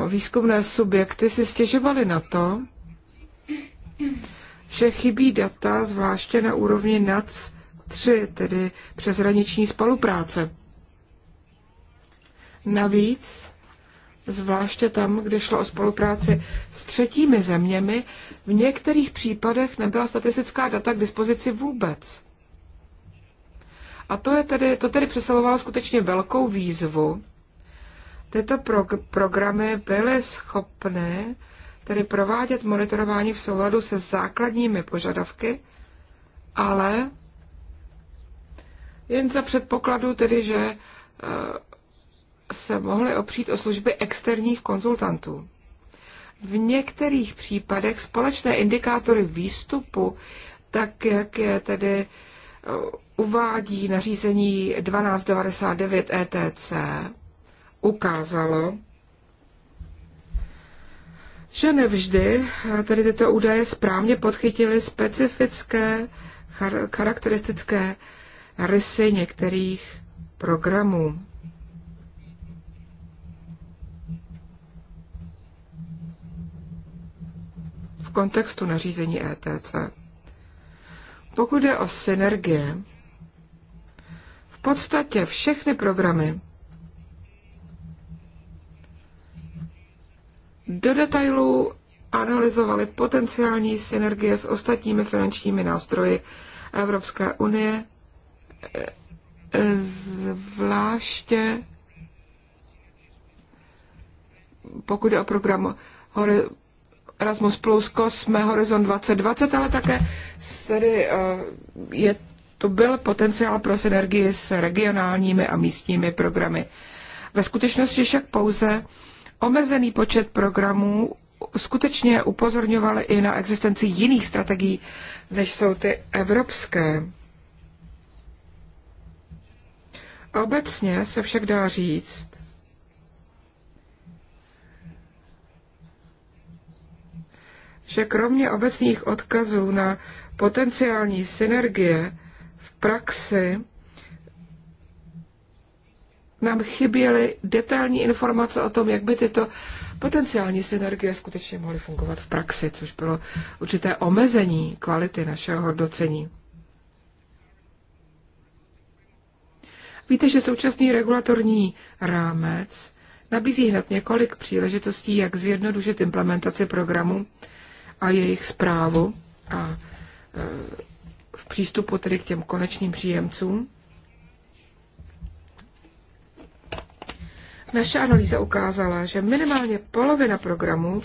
výzkumné subjekty si stěžovaly na to, že chybí data zvláště na úrovni NAC 3, tedy přeshraniční spolupráce. Navíc, zvláště tam, kde šlo o spolupráci s třetími zeměmi, v některých případech nebyla statistická data k dispozici vůbec. A to, je tedy, to tedy představovalo skutečně velkou výzvu. Tyto pro, programy byly schopné tedy provádět monitorování v souladu se základními požadavky, ale jen za předpokladu tedy, že eh, se mohly opřít o služby externích konzultantů. V některých případech společné indikátory výstupu, tak jak je tedy eh, uvádí nařízení 1299 ETC, ukázalo, že nevždy eh, tedy tyto údaje správně podchytily specifické charakteristické rysy některých programů. V kontextu nařízení ETC. Pokud jde o synergie, v podstatě všechny programy do detailu analyzovali potenciální synergie s ostatními finančními nástroji Evropské unie, zvláště pokud je o program Erasmus Plus, Cosme, Horizon 2020, ale také tedy eh, je to byl potenciál pro synergii s regionálními a místními programy. Ve skutečnosti však pouze omezený počet programů skutečně upozorňoval i na existenci jiných strategií, než jsou ty evropské. Obecně se však dá říct, že kromě obecných odkazů na potenciální synergie v praxi nám chyběly detailní informace o tom, jak by tyto potenciální synergie skutečně mohly fungovat v praxi, což bylo určité omezení kvality našeho hodnocení. Víte, že současný regulatorní rámec nabízí hned několik příležitostí, jak zjednodušit implementaci programu a jejich zprávu a e, v přístupu tedy k těm konečným příjemcům. Naše analýza ukázala, že minimálně polovina programů,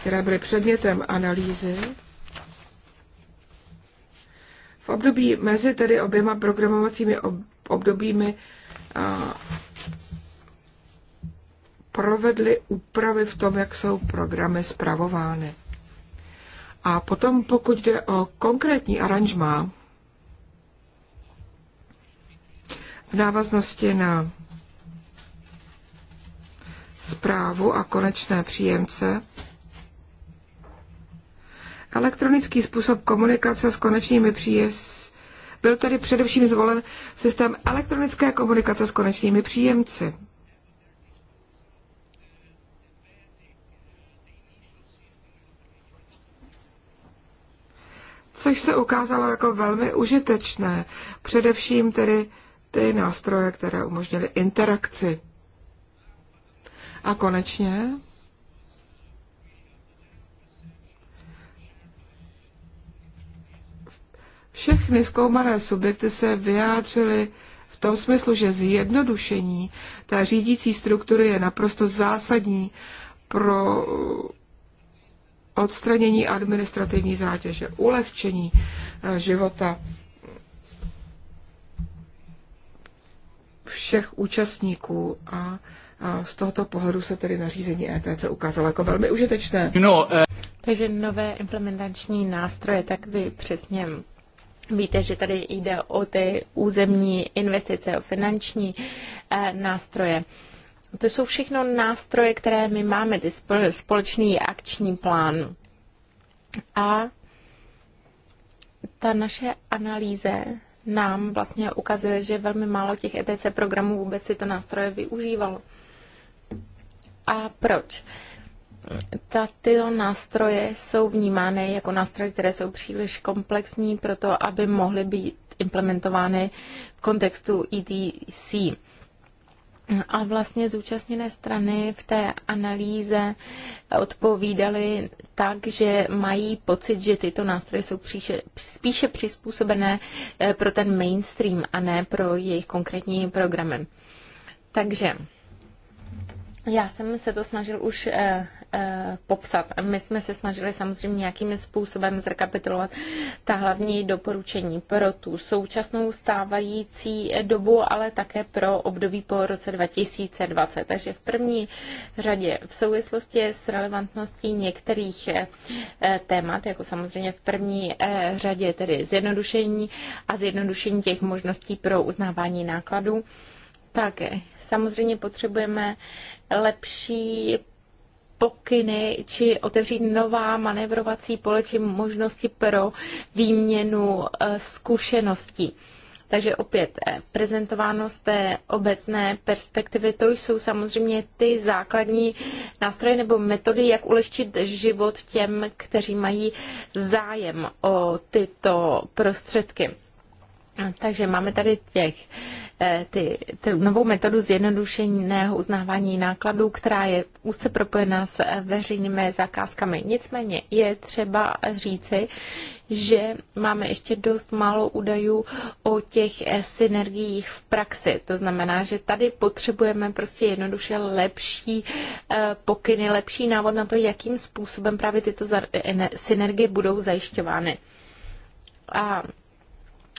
které byly předmětem analýzy, v období mezi tedy oběma programovacími obdobími provedly úpravy v tom, jak jsou programy zpravovány. A potom, pokud jde o konkrétní aranžmá, v návaznosti na zprávu a konečné příjemce. Elektronický způsob komunikace s konečnými příjemci byl tedy především zvolen systém elektronické komunikace s konečnými příjemci. což se ukázalo jako velmi užitečné, především tedy ty nástroje, které umožnily interakci. A konečně všechny zkoumané subjekty se vyjádřily v tom smyslu, že zjednodušení té řídící struktury je naprosto zásadní pro odstranění administrativní zátěže, ulehčení eh, života všech účastníků a a z tohoto pohledu se tedy nařízení ETC ukázalo jako velmi užitečné. No, eh. Takže nové implementační nástroje, tak vy přesně Víte, že tady jde o ty územní investice, o finanční eh, nástroje. To jsou všechno nástroje, které my máme, ty společný akční plán. A ta naše analýze nám vlastně ukazuje, že velmi málo těch ETC programů vůbec tyto nástroje využívalo. A proč? Tyto nástroje jsou vnímány jako nástroje, které jsou příliš komplexní pro to, aby mohly být implementovány v kontextu ETC. A vlastně zúčastněné strany v té analýze odpovídaly tak, že mají pocit, že tyto nástroje jsou příše, spíše přizpůsobené eh, pro ten mainstream a ne pro jejich konkrétní programy. Takže já jsem se to snažil už eh, eh, popsat. My jsme se snažili samozřejmě nějakým způsobem zrekapitulovat ta hlavní doporučení pro tu současnou stávající dobu, ale také pro období po roce 2020. Takže v první řadě v souvislosti s relevantností některých eh, témat, jako samozřejmě v první eh, řadě tedy zjednodušení a zjednodušení těch možností pro uznávání nákladů, eh, tak eh, samozřejmě potřebujeme lepší pokyny či otevřít nová manevrovací pole či možnosti pro výměnu eh, zkušeností. Takže opět eh, prezentováno z té obecné perspektivy, to jsou samozřejmě ty základní nástroje nebo metody, jak ulehčit život těm, kteří mají zájem o tyto prostředky. Takže máme tady těch Eh, ty, ty novou metodu zjednodušeného uznávání nákladů, která je úzce propojená s eh, veřejnými zakázkami. Nicméně je třeba říci, že máme ještě dost málo údajů o těch eh, synergiích v praxi. To znamená, že tady potřebujeme prostě jednoduše lepší pokyny, lepší návod na to, jakým způsobem právě tyto synergie budou zajišťovány. A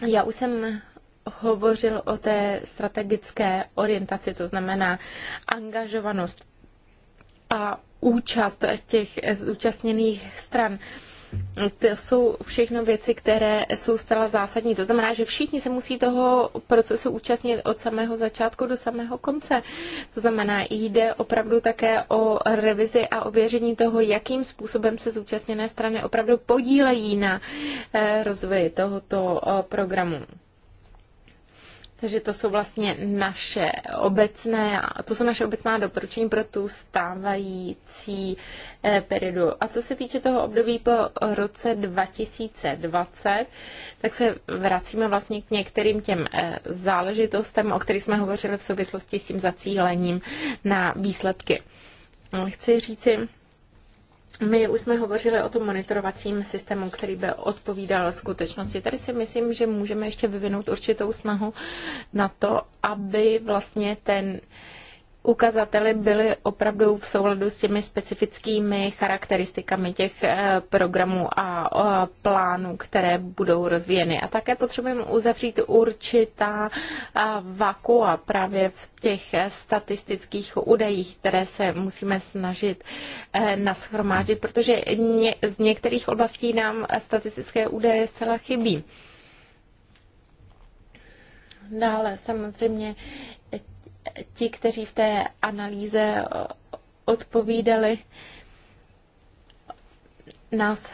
já už jsem hovořil o té strategické orientaci, to znamená angažovanost a účast těch zúčastněných stran. To jsou všechno věci, které jsou zcela zásadní. To znamená, že všichni se musí toho procesu účastnit od samého začátku do samého konce. To znamená, jde opravdu také o revizi a ověření toho, jakým způsobem se zúčastněné strany opravdu podílejí na eh, rozvoji tohoto eh, programu. Takže to jsou vlastně naše obecné, to jsou naše obecná doporučení pro tu stávající eh, periodu. A co se týče toho období po roce 2020, tak se vracíme vlastně k některým těm eh, záležitostem, o kterých jsme hovořili v souvislosti s tím zacílením na výsledky. Chci říci, my už jsme hovořili o tom monitorovacím systému, který by odpovídal skutečnosti. Tady si myslím, že můžeme ještě vyvinout určitou snahu na to, aby vlastně ten Ukazatele byly opravdu v souladu s těmi specifickými charakteristikami těch eh, programů a eh, plánů, které budou rozvíjeny. A také potřebujeme uzavřít určitá eh, vakua právě v těch statistických údajích, které se musíme snažit nashromáždit, protože z některých oblastí nám statistické údaje zcela chybí. Dále samozřejmě ti, kteří v té analýze eh, odpovídali, nás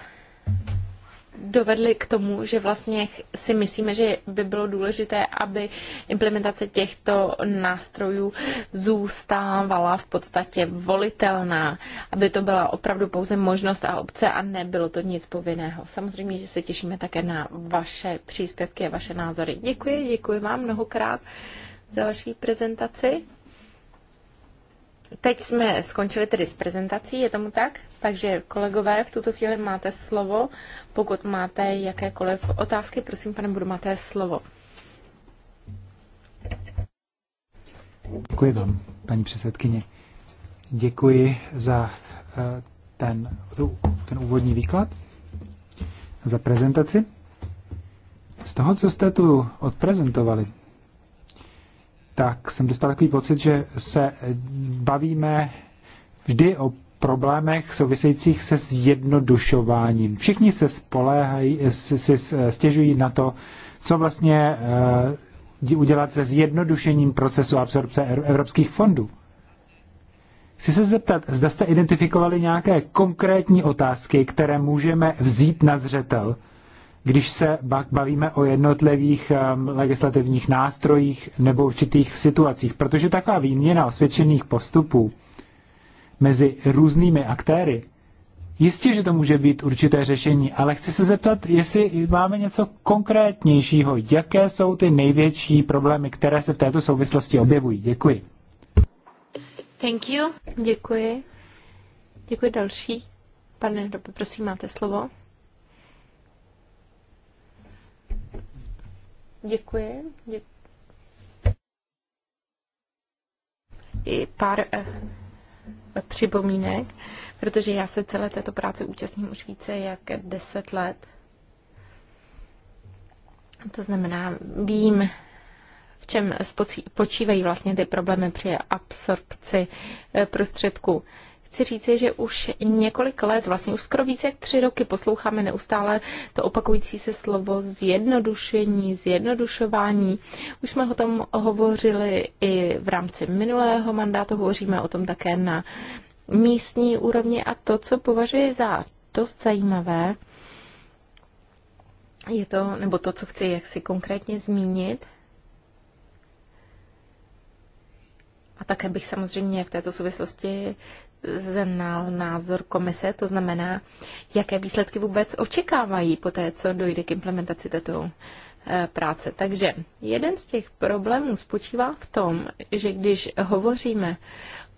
dovedli k tomu, že vlastně si myslíme, že by bylo důležité, aby implementace těchto nástrojů zůstávala v podstatě volitelná, aby to byla opravdu pouze možnost a obce a nebylo to nic povinného. Samozřejmě, že se těšíme také na vaše příspěvky a vaše názory. Děkuji, děkuji vám mnohokrát další prezentaci. Teď jsme skončili tedy s prezentací, je tomu tak? Takže kolegové, v tuto chvíli máte slovo. Pokud máte jakékoliv otázky, prosím, pane Budu, máte slovo. Děkuji vám, paní předsedkyně. Děkuji za eh, ten, ten úvodní výklad, za prezentaci. Z toho, co jste tu odprezentovali, tak jsem dostal takový pocit, že se bavíme vždy o problémech souvisejících se zjednodušováním. Všichni se spoléhají, si stěžují na to, co vlastně eh, udělat se zjednodušením procesu absorpce er, evropských fondů. Chci se zeptat, zda jste identifikovali nějaké konkrétní otázky, které můžeme vzít na zřetel, když se bavíme o jednotlivých um, legislativních nástrojích nebo určitých situacích, protože taková výměna osvědčených postupů mezi různými aktéry, jistě, že to může být určité řešení, ale chci se zeptat, jestli máme něco konkrétnějšího, jaké jsou ty největší problémy, které se v této souvislosti objevují. Děkuji. Thank you. Děkuji. Děkuji další. Pane Dobe, prosím, máte slovo. Děkuji. Děkuji. I pár eh, připomínek, protože já se celé této práce účastním už více jak deset let. To znamená, vím, v čem spočívají vlastně ty problémy při absorpci eh, prostředků. Eh, chci říci, že už několik let, vlastně už skoro více jak tři roky posloucháme neustále to opakující se slovo zjednodušení, zjednodušování. Už jsme o tom hovořili i v rámci minulého mandátu, hovoříme o tom také na místní úrovni a to, co považuji za dost zajímavé, je to, nebo to, co chci jaksi konkrétně zmínit, a také bych samozřejmě v této souvislosti znal názor komise, to znamená, jaké výsledky vůbec očekávají po té, co dojde k implementaci této eh, práce. Takže jeden z těch problémů spočívá v tom, že když hovoříme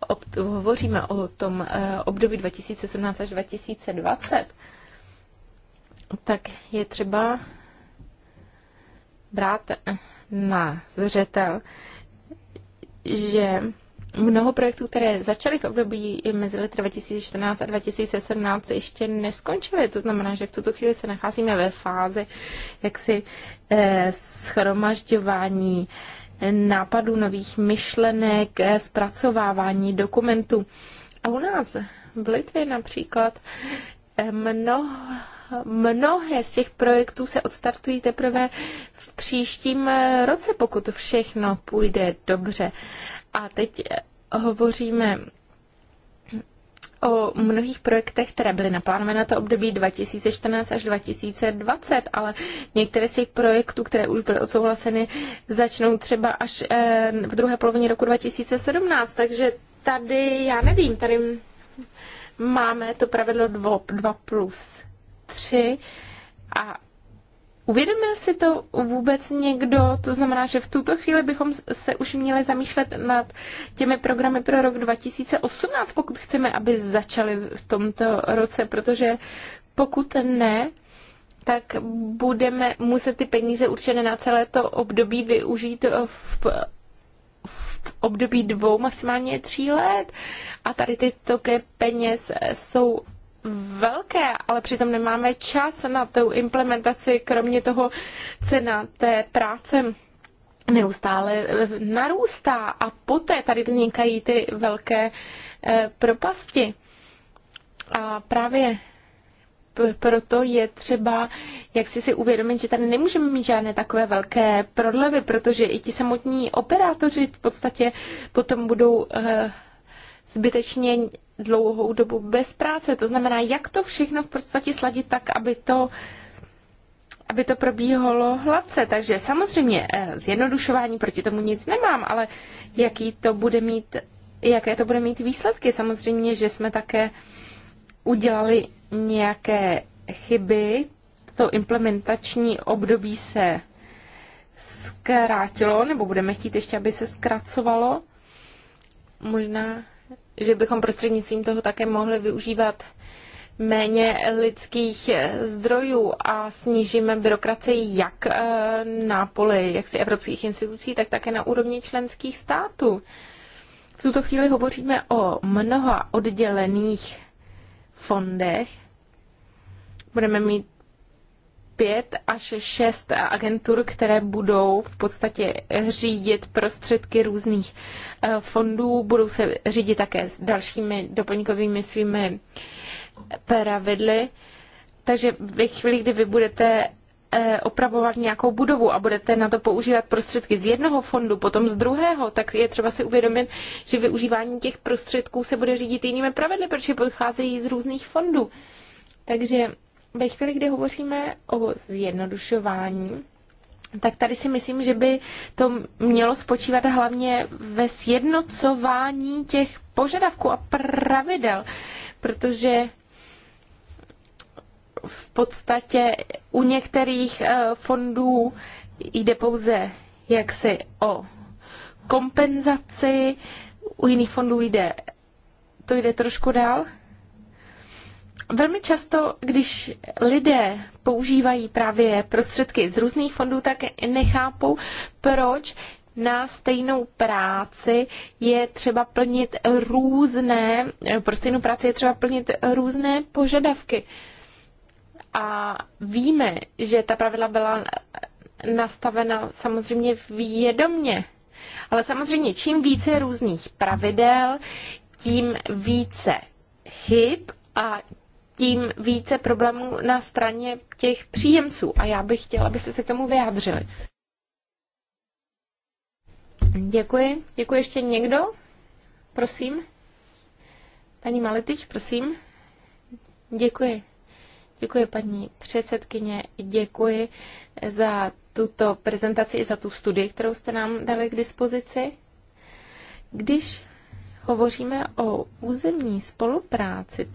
ob, hovoříme o tom eh, období 2017 až 2020, tak je třeba brát na zřetel, že mnoho projektů, které začaly v období mezi lety 2014 a 2017, ještě neskončily. To znamená, že v tuto chvíli se nacházíme ve fázi jaksi eh, schromažďování nápadů, nových myšlenek, eh, zpracovávání dokumentů. A u nás v Litvě například eh, mnoho mnohé z těch projektů se odstartují teprve v příštím eh, roce, pokud všechno půjde dobře. A teď eh, hovoříme o mnohých projektech, které byly naplánovány na to období 2014 až 2020, ale některé z těch projektů, které už byly odsouhlaseny, začnou třeba až eh, v druhé polovině roku 2017. Takže tady, já nevím, tady máme to pravidlo 2, 2 plus 3 a Uvědomil si to vůbec někdo? To znamená, že v tuto chvíli bychom se už měli zamýšlet nad těmi programy pro rok 2018, pokud chceme, aby začaly v tomto roce, protože pokud ne, tak budeme muset ty peníze určené na celé to období využít v, v období dvou, maximálně tří let. A tady ty toky peněz jsou velké, ale přitom nemáme čas na tu implementaci, kromě toho cena té práce neustále eh, narůstá a poté tady vznikají ty velké eh, propasti. A právě proto je třeba, jak si si uvědomit, že tady nemůžeme mít žádné takové velké prodlevy, protože i ti samotní operátoři v podstatě potom budou eh, zbytečně dlouhou dobu bez práce. To znamená, jak to všechno v podstatě sladit tak, aby to aby to probíhalo hladce. Takže samozřejmě eh, zjednodušování proti tomu nic nemám, ale jaký to bude mít, jaké to bude mít výsledky. Samozřejmě, že jsme také udělali nějaké chyby, to implementační období se zkrátilo, nebo budeme chtít ještě, aby se zkracovalo. Možná, že bychom prostřednictvím toho také mohli využívat méně lidských zdrojů a snížíme byrokracii jak eh, na poli jaksi evropských institucí, tak také na úrovni členských států. V tuto chvíli hovoříme o mnoha oddělených fondech. Budeme mít pět až šest agentur, které budou v podstatě řídit prostředky různých eh, fondů, budou se řídit také s dalšími doplňkovými svými pravidly. Takže ve chvíli, kdy vy budete eh, opravovat nějakou budovu a budete na to používat prostředky z jednoho fondu, potom z druhého, tak je třeba si uvědomit, že využívání těch prostředků se bude řídit jinými pravidly, protože pocházejí z různých fondů. Takže ve chvíli, kdy hovoříme o zjednodušování, tak tady si myslím, že by to mělo spočívat hlavně ve sjednocování těch požadavků a pravidel, protože v podstatě u některých eh, fondů jde pouze jaksi o kompenzaci, u jiných fondů jde, to jde trošku dál. Velmi často, když lidé používají právě prostředky z různých fondů, tak nechápou, proč na stejnou práci je třeba plnit různé, pro stejnou práci je třeba plnit různé požadavky. A víme, že ta pravidla byla nastavena samozřejmě vědomně. Ale samozřejmě, čím více různých pravidel, tím více chyb a tím více problémů na straně těch příjemců. A já bych chtěla, abyste se k tomu vyjádřili. Děkuji. Děkuji ještě někdo? Prosím. Paní Maletič, prosím. Děkuji. Děkuji, paní předsedkyně. Děkuji za tuto prezentaci i za tu studii, kterou jste nám dali k dispozici. Když hovoříme o územní spolupráci,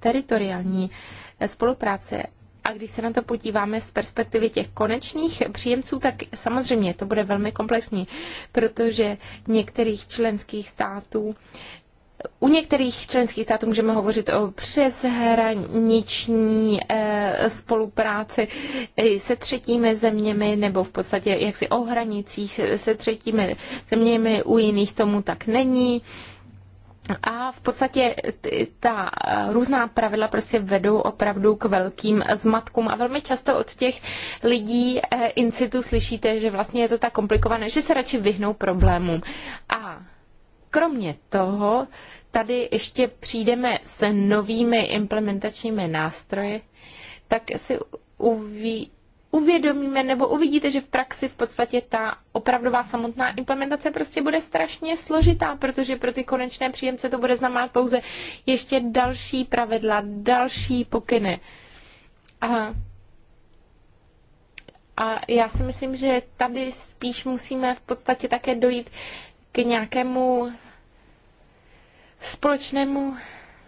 teritoriální spolupráci, a když se na to podíváme z perspektivy těch konečných příjemců, tak samozřejmě to bude velmi komplexní, protože některých členských států u některých členských států můžeme hovořit o přeshraniční eh, spolupráci se třetími zeměmi nebo v podstatě jaksi o hranicích se třetími zeměmi, u jiných tomu tak není. A v podstatě ta různá pravidla prostě vedou opravdu k velkým zmatkům a velmi často od těch lidí eh, situ slyšíte, že vlastně je to tak komplikované, že se radši vyhnou problémům. A kromě toho tady ještě přijdeme se novými implementačními nástroji, tak si uví, uvědomíme nebo uvidíte, že v praxi v podstatě ta opravdová samotná implementace prostě bude strašně složitá, protože pro ty konečné příjemce to bude znamenat pouze ještě další pravidla, další pokyny. A, a já si myslím, že tady spíš musíme v podstatě také dojít k nějakému společnému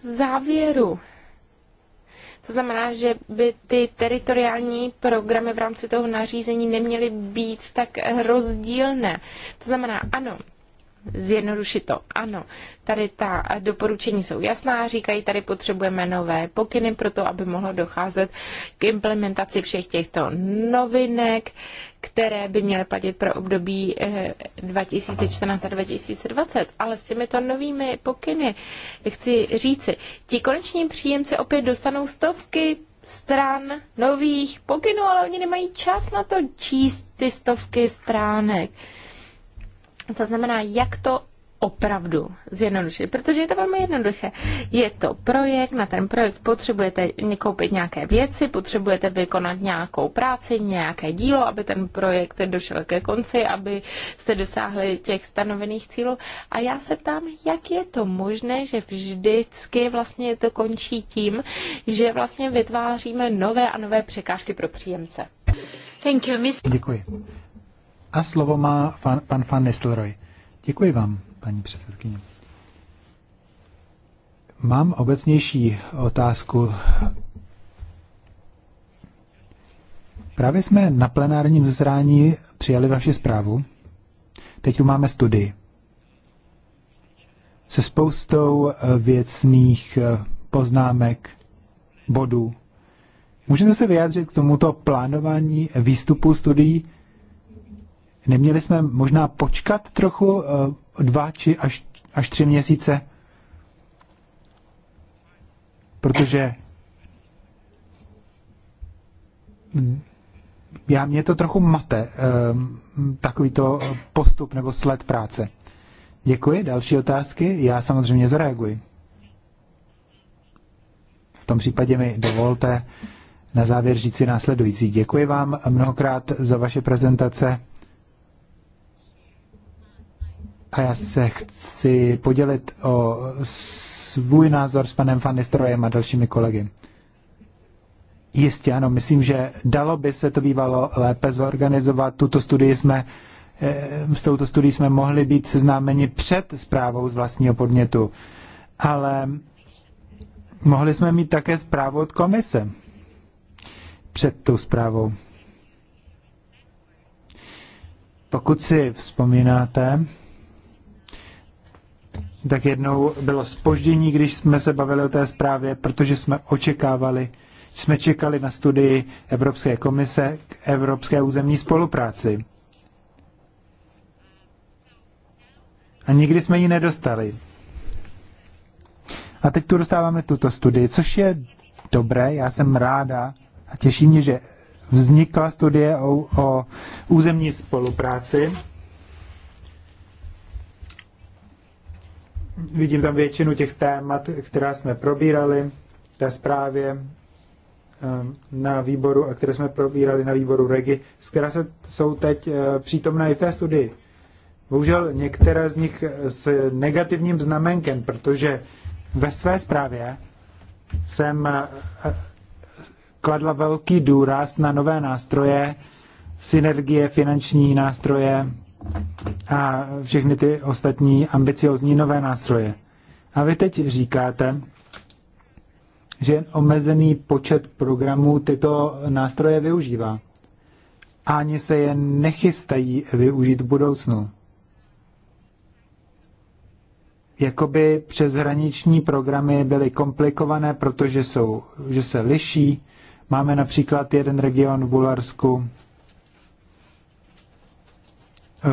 závěru. To znamená, že by ty teritoriální programy v rámci toho nařízení neměly být tak rozdílné. To znamená, ano, zjednodušit to. Ano, tady ta doporučení jsou jasná, říkají, tady potřebujeme nové pokyny pro to, aby mohlo docházet k implementaci všech těchto novinek, které by měly platit pro období 2014 eh, a 2020. Ale s těmito novými pokyny chci říci, ti koneční příjemci opět dostanou stovky stran nových pokynů, ale oni nemají čas na to číst ty stovky stránek. To znamená, jak to opravdu zjednodušit, protože je to velmi jednoduché. Je to projekt, na ten projekt potřebujete koupit nějaké věci, potřebujete vykonat nějakou práci, nějaké dílo, aby ten projekt došel ke konci, aby jste dosáhli těch stanovených cílů. A já se ptám, jak je to možné, že vždycky vlastně to končí tím, že vlastně vytváříme nové a nové překážky pro příjemce. Thank you, Děkuji. A slovo má pan, pan Van Nistelrooy. Děkuji vám, paní předsedkyně. Mám obecnější otázku. Právě jsme na plenárním zasedání přijali vaši zprávu. Teď tu máme studii. Se spoustou eh, věcných eh, poznámek, bodů. Můžete se vyjádřit k tomuto plánování výstupu studií? Neměli jsme možná počkat trochu eh, dva či až, až tři měsíce, protože já mě to trochu mate, eh, takovýto postup nebo sled práce. Děkuji. Další otázky? Já samozřejmě zareaguji. V tom případě mi dovolte na závěr říci následující. Děkuji vám mnohokrát za vaše prezentace. A já se chci podělit o svůj názor s panem Van a dalšími kolegy. Jistě ano, myslím, že dalo by se to bývalo lépe zorganizovat. Tuto studii jsme, eh, s touto studií jsme mohli být seznámeni před zprávou z vlastního podnětu. Ale mohli jsme mít také zprávu od komise před tou zprávou. Pokud si vzpomínáte, tak jednou bylo spoždění, když jsme se bavili o té zprávě, protože jsme očekávali, jsme čekali na studii Evropské komise k Evropské územní spolupráci. A nikdy jsme ji nedostali. A teď tu dostáváme tuto studii, což je dobré, já jsem ráda a těší mě, že vznikla studie o, o územní spolupráci Vidím tam většinu těch témat, která jsme probírali v té zprávě eh, na výboru a které jsme probírali na výboru REGI, z které se, jsou teď eh, přítomné i v té studii. Bohužel některé z nich eh, s negativním znamenkem, protože ve své zprávě jsem kladla velký důraz na nové nástroje, synergie, finanční nástroje, a všechny ty ostatní ambiciozní nové nástroje. A vy teď říkáte, že jen omezený počet programů tyto nástroje využívá. Ani se je nechystají využít v budoucnu. Jakoby přeshraniční programy byly komplikované, protože jsou, že se liší. Máme například jeden region v Bulharsku,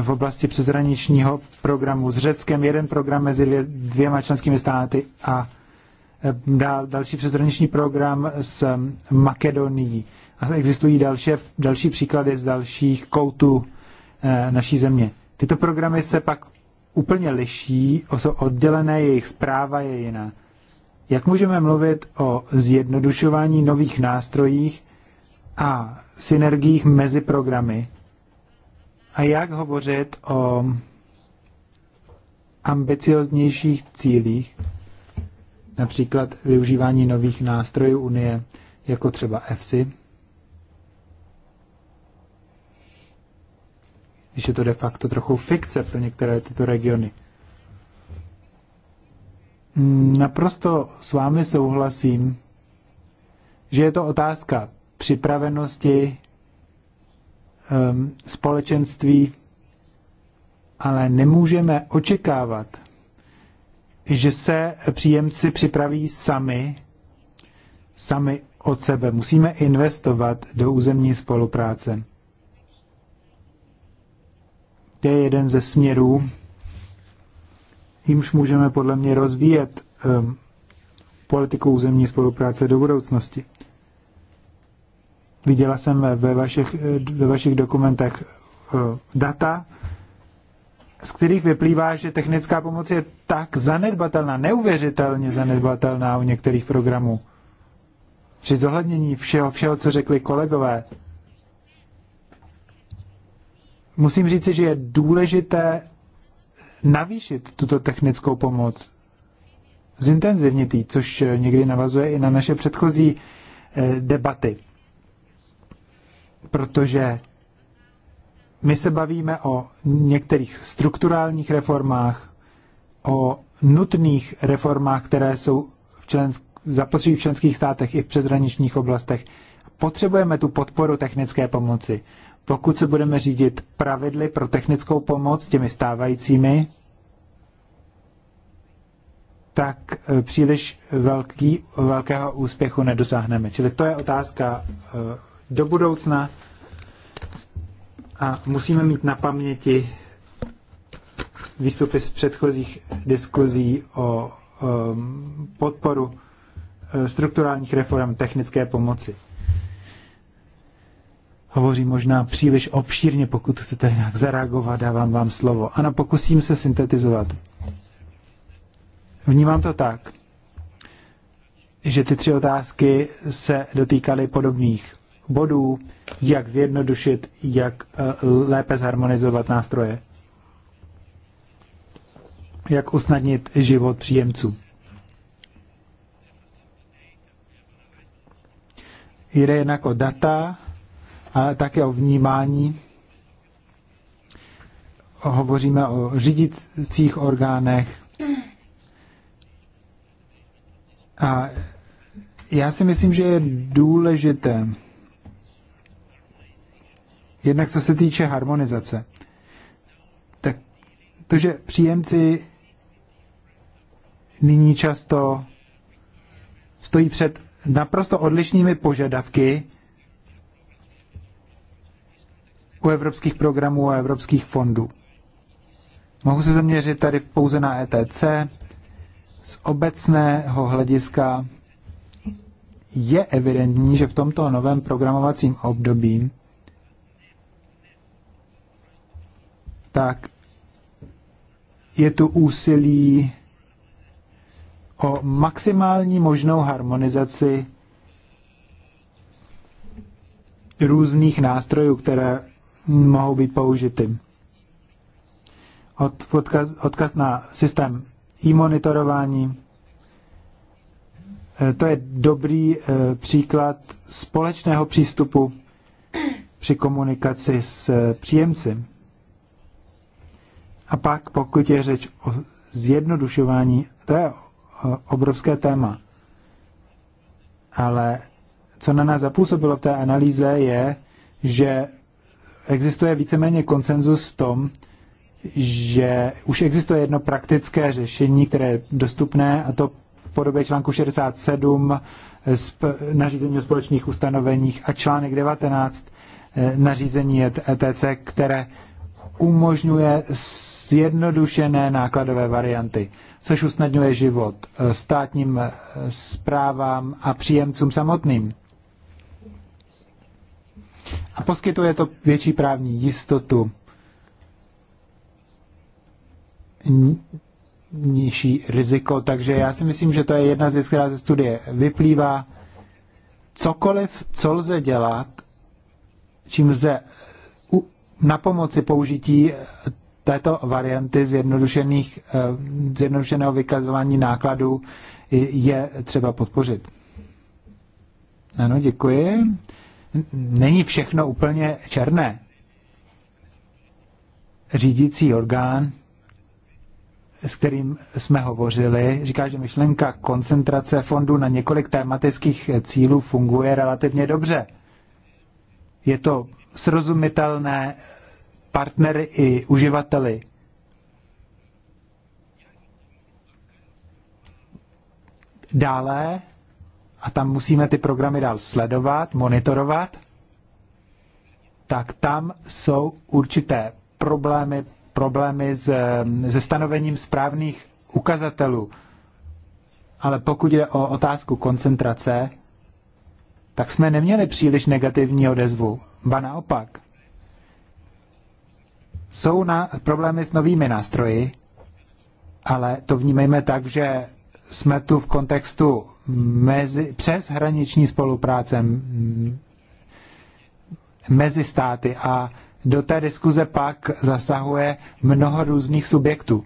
v oblasti přeshraničního programu s Řeckem, jeden program mezi dvěma členskými státy a e, dál, další přeshraniční program s Makedonií. A existují další, další příklady z dalších koutů e, naší země. Tyto programy se pak úplně liší, jsou oddělené, jejich zpráva je jiná. Jak můžeme mluvit o zjednodušování nových nástrojích a synergiích mezi programy, a jak hovořit o ambicioznějších cílích, například využívání nových nástrojů Unie, jako třeba EFSI, když je to de facto trochu fikce pro některé tyto regiony. Naprosto s vámi souhlasím, že je to otázka připravenosti Um, společenství, ale nemůžeme očekávat, že se příjemci připraví sami, sami od sebe. Musíme investovat do územní spolupráce. To je jeden ze směrů, jimž můžeme podle mě rozvíjet um, politiku územní spolupráce do budoucnosti. Viděla jsem ve vašich, ve vašich dokumentech eh, data, z kterých vyplývá, že technická pomoc je tak zanedbatelná, neuvěřitelně zanedbatelná u některých programů. Při zohlednění všeho, všeho co řekli kolegové, musím říci, že je důležité navýšit tuto technickou pomoc, zintenzivnit ji, což eh, někdy navazuje i na naše předchozí eh, debaty protože my se bavíme o některých strukturálních reformách, o nutných reformách, které jsou v člensk- zapotřebí v členských státech i v přeshraničních oblastech. Potřebujeme tu podporu technické pomoci. Pokud se budeme řídit pravidly pro technickou pomoc těmi stávajícími, tak e, příliš velký, velkého úspěchu nedosáhneme. Čili to je otázka e, do budoucna a musíme mít na paměti výstupy z předchozích diskuzí o um, podporu uh, strukturálních reform technické pomoci. Hovoří možná příliš obšírně, pokud chcete nějak zareagovat, dávám vám slovo. Ano, pokusím se syntetizovat. Vnímám to tak, že ty tři otázky se dotýkaly podobných bodů, jak zjednodušit, jak eh, lépe zharmonizovat nástroje, jak usnadnit život příjemců. Jde jednak o data, ale také o vnímání. Hovoříme o řídících orgánech. A já si myslím, že je důležité Jednak co se týče harmonizace, tak to, že příjemci nyní často stojí před naprosto odlišnými požadavky u evropských programů a evropských fondů. Mohu se zaměřit tady pouze na ETC. Z obecného hlediska je evidentní, že v tomto novém programovacím období tak je tu úsilí o maximální možnou harmonizaci různých nástrojů, které mohou být použity. Od, odkaz, odkaz na systém e-monitorování. E, to je dobrý e, příklad společného přístupu při komunikaci s e, příjemcem. A pak, pokud je řeč o zjednodušování, to je eh, obrovské téma. Ale co na nás zapůsobilo v té analýze je, že existuje víceméně konsenzus v tom, že už existuje jedno praktické řešení, které je dostupné, a to v podobě článku 67 eh, nařízení o společných ustanoveních a článek 19 eh, nařízení ETC, které umožňuje zjednodušené nákladové varianty, což usnadňuje život eh, státním zprávám eh, a příjemcům samotným. A poskytuje to větší právní jistotu, nižší riziko, takže já si myslím, že to je jedna z věcí, která ze studie vyplývá. Cokoliv, co lze dělat, čím lze na pomoci použití této varianty zjednodušených, eh, zjednodušeného vykazování nákladů je třeba podpořit. Ano, děkuji. Není všechno úplně černé. Řídící orgán, s kterým jsme hovořili, říká, že myšlenka koncentrace fondu na několik tematických cílů funguje relativně dobře. Je to srozumitelné partnery i uživateli. Dále, a tam musíme ty programy dál sledovat, monitorovat, tak tam jsou určité problémy, problémy s, se stanovením správných ukazatelů. Ale pokud je o otázku koncentrace, tak jsme neměli příliš negativní odezvu. Ba naopak. Jsou na problémy s novými nástroji, ale to vnímejme tak, že jsme tu v kontextu mezi, přes hraniční spolupráce mezi státy a do té diskuze pak zasahuje mnoho různých subjektů.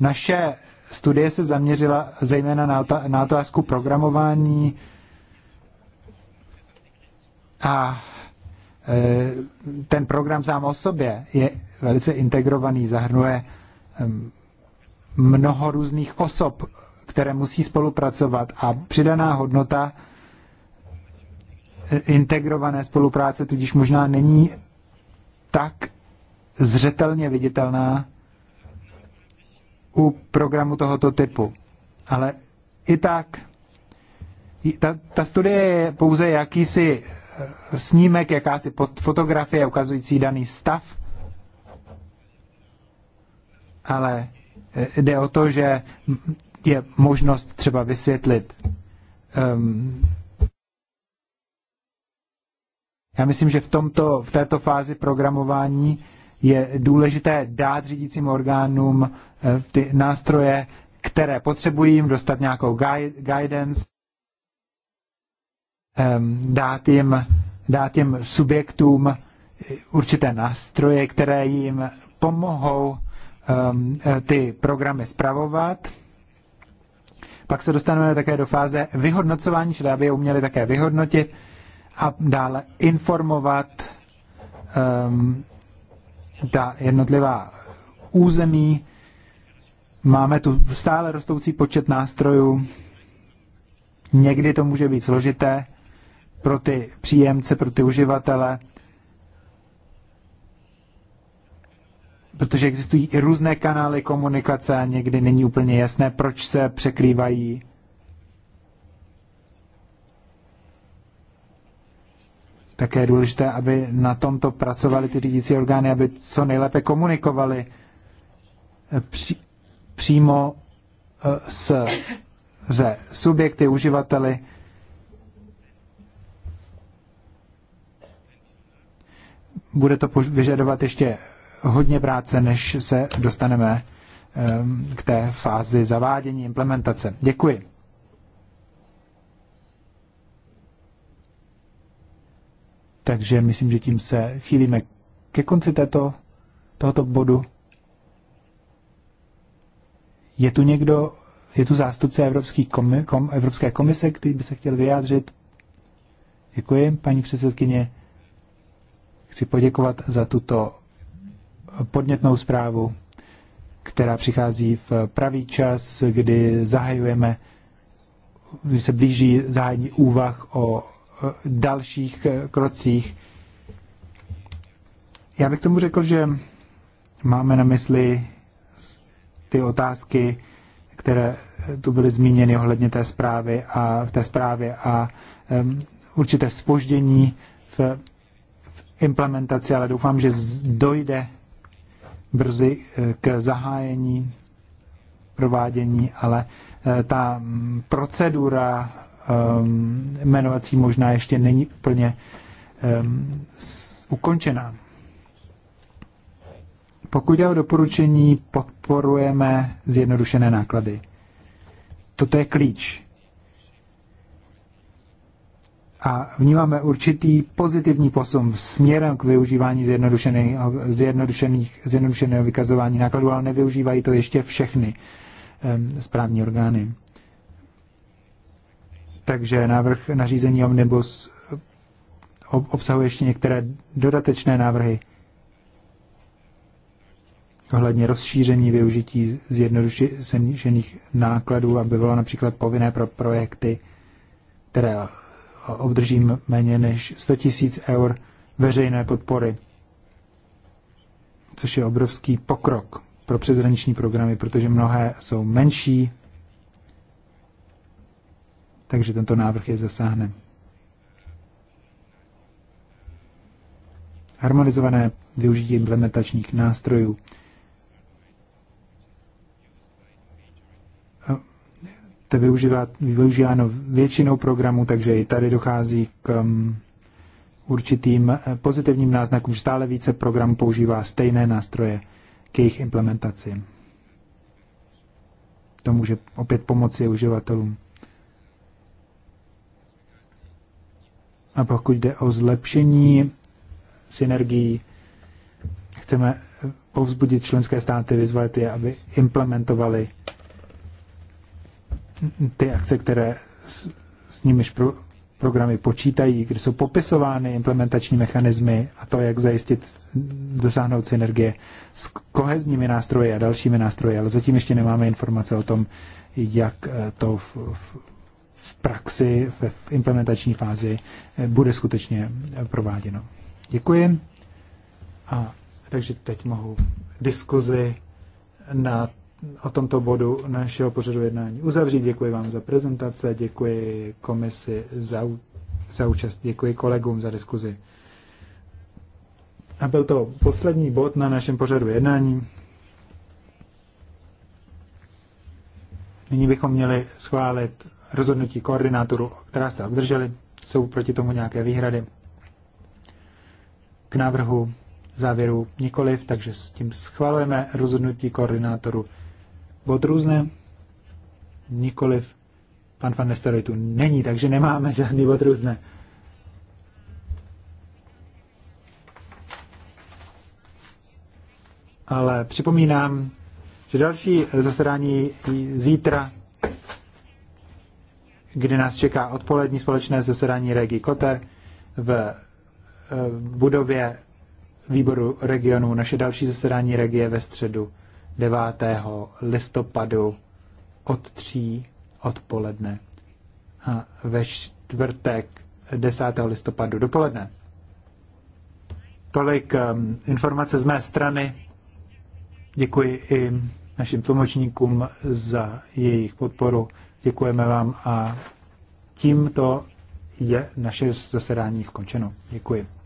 Naše studie se zaměřila zejména na, ta, na otázku programování, a e, ten program sám o sobě je velice integrovaný, zahrnuje mnoho různých osob, které musí spolupracovat a přidaná hodnota e, integrované spolupráce tudíž možná není tak zřetelně viditelná u programu tohoto typu. Ale i tak, ta, ta studie je pouze jakýsi snímek, jakási fotografie ukazující daný stav, ale eh, jde o to, že je možnost třeba vysvětlit. Um, já myslím, že v, tomto, v této fázi programování je důležité dát řídícím orgánům eh, ty nástroje, které potřebují, jim dostat nějakou guidance dát jim, dát jim subjektům určité nástroje, které jim pomohou ty programy spravovat. Pak se dostaneme také do fáze vyhodnocování, čili aby je uměli také vyhodnotit a dále informovat um, ta jednotlivá území. Máme tu stále rostoucí počet nástrojů. Někdy to může být složité, pro ty příjemce, pro ty uživatele, protože existují i různé kanály komunikace a někdy není úplně jasné, proč se překrývají. Také je důležité, aby na tomto pracovali ty řídící orgány, aby co nejlépe komunikovali eh, při, přímo eh, s, se subjekty, uživateli, bude to vyžadovat ještě hodně práce, než se dostaneme ehm, k té fázi zavádění, implementace. Děkuji. Takže myslím, že tím se chýlíme ke konci této, tohoto bodu. Je tu někdo, je tu zástupce Evropský komi, kom, Evropské komise, který by se chtěl vyjádřit? Děkuji, paní předsedkyně. Chci poděkovat za tuto podnětnou zprávu, která přichází v pravý čas, kdy zahajujeme, kdy se blíží zahájení úvah o e, dalších e, krocích. Já bych tomu řekl, že máme na mysli ty otázky, které tu byly zmíněny ohledně té zprávy a v té zprávě a um, určité spoždění v implementaci, ale doufám, že dojde brzy eh, k zahájení provádění, ale eh, ta mm, procedura ehm, jmenovací možná ještě není úplně ehm, ukončená. Pokud je o doporučení, podporujeme zjednodušené náklady. Toto je klíč a vnímáme určitý pozitivní posun směrem k využívání zjednodušených, zjednodušených, zjednodušeného vykazování nákladů, ale nevyužívají to ještě všechny um, správní orgány. Takže návrh nařízení Omnibus obsahuje ještě některé dodatečné návrhy ohledně rozšíření využití zjednodušených nákladů, aby bylo například povinné pro projekty, které obdržím méně než 100 tisíc eur veřejné podpory, což je obrovský pokrok pro přezraniční programy, protože mnohé jsou menší, takže tento návrh je zasáhne. Harmonizované využití implementačních nástrojů. to je využíváno většinou programů, takže i tady dochází k um, určitým eh, pozitivním náznakům, že stále více programů používá stejné nástroje k jejich implementaci. To může opět pomoci uživatelům. A pokud jde o zlepšení synergií, chceme povzbudit členské státy, vyzvat je, aby implementovali ty akce, které s, s nimiž pro, programy počítají, kde jsou popisovány implementační mechanismy a to, jak zajistit, dosáhnout synergie s kohezními nástroji a dalšími nástroji, ale zatím ještě nemáme informace o tom, jak eh, to v, v, v praxi, v, v implementační fázi eh, bude skutečně eh, prováděno. Děkuji. A takže teď mohu diskuzi na o tomto bodu našeho pořadu jednání uzavřít. Děkuji vám za prezentace, děkuji komisi za, za účast, děkuji kolegům za diskuzi. A byl to poslední bod na našem pořadu jednání. Nyní bychom měli schválit rozhodnutí koordinátoru, která se obdrželi. Jsou proti tomu nějaké výhrady k návrhu závěru nikoliv, takže s tím schvalujeme rozhodnutí koordinátoru. Bod různé? Nikoliv. Pan Van Nesteroy tu není, takže nemáme žádný bod různé. Ale připomínám, že další zasedání zítra, kdy nás čeká odpolední společné zasedání Regi Koter v eh, budově výboru regionu. Naše další zasedání regie ve středu 9. listopadu od 3 odpoledne a ve čtvrtek 10. listopadu dopoledne. Tolik um, informace z mé strany. Děkuji i našim tlumočníkům za jejich podporu. Děkujeme vám a tímto je naše zasedání skončeno. Děkuji.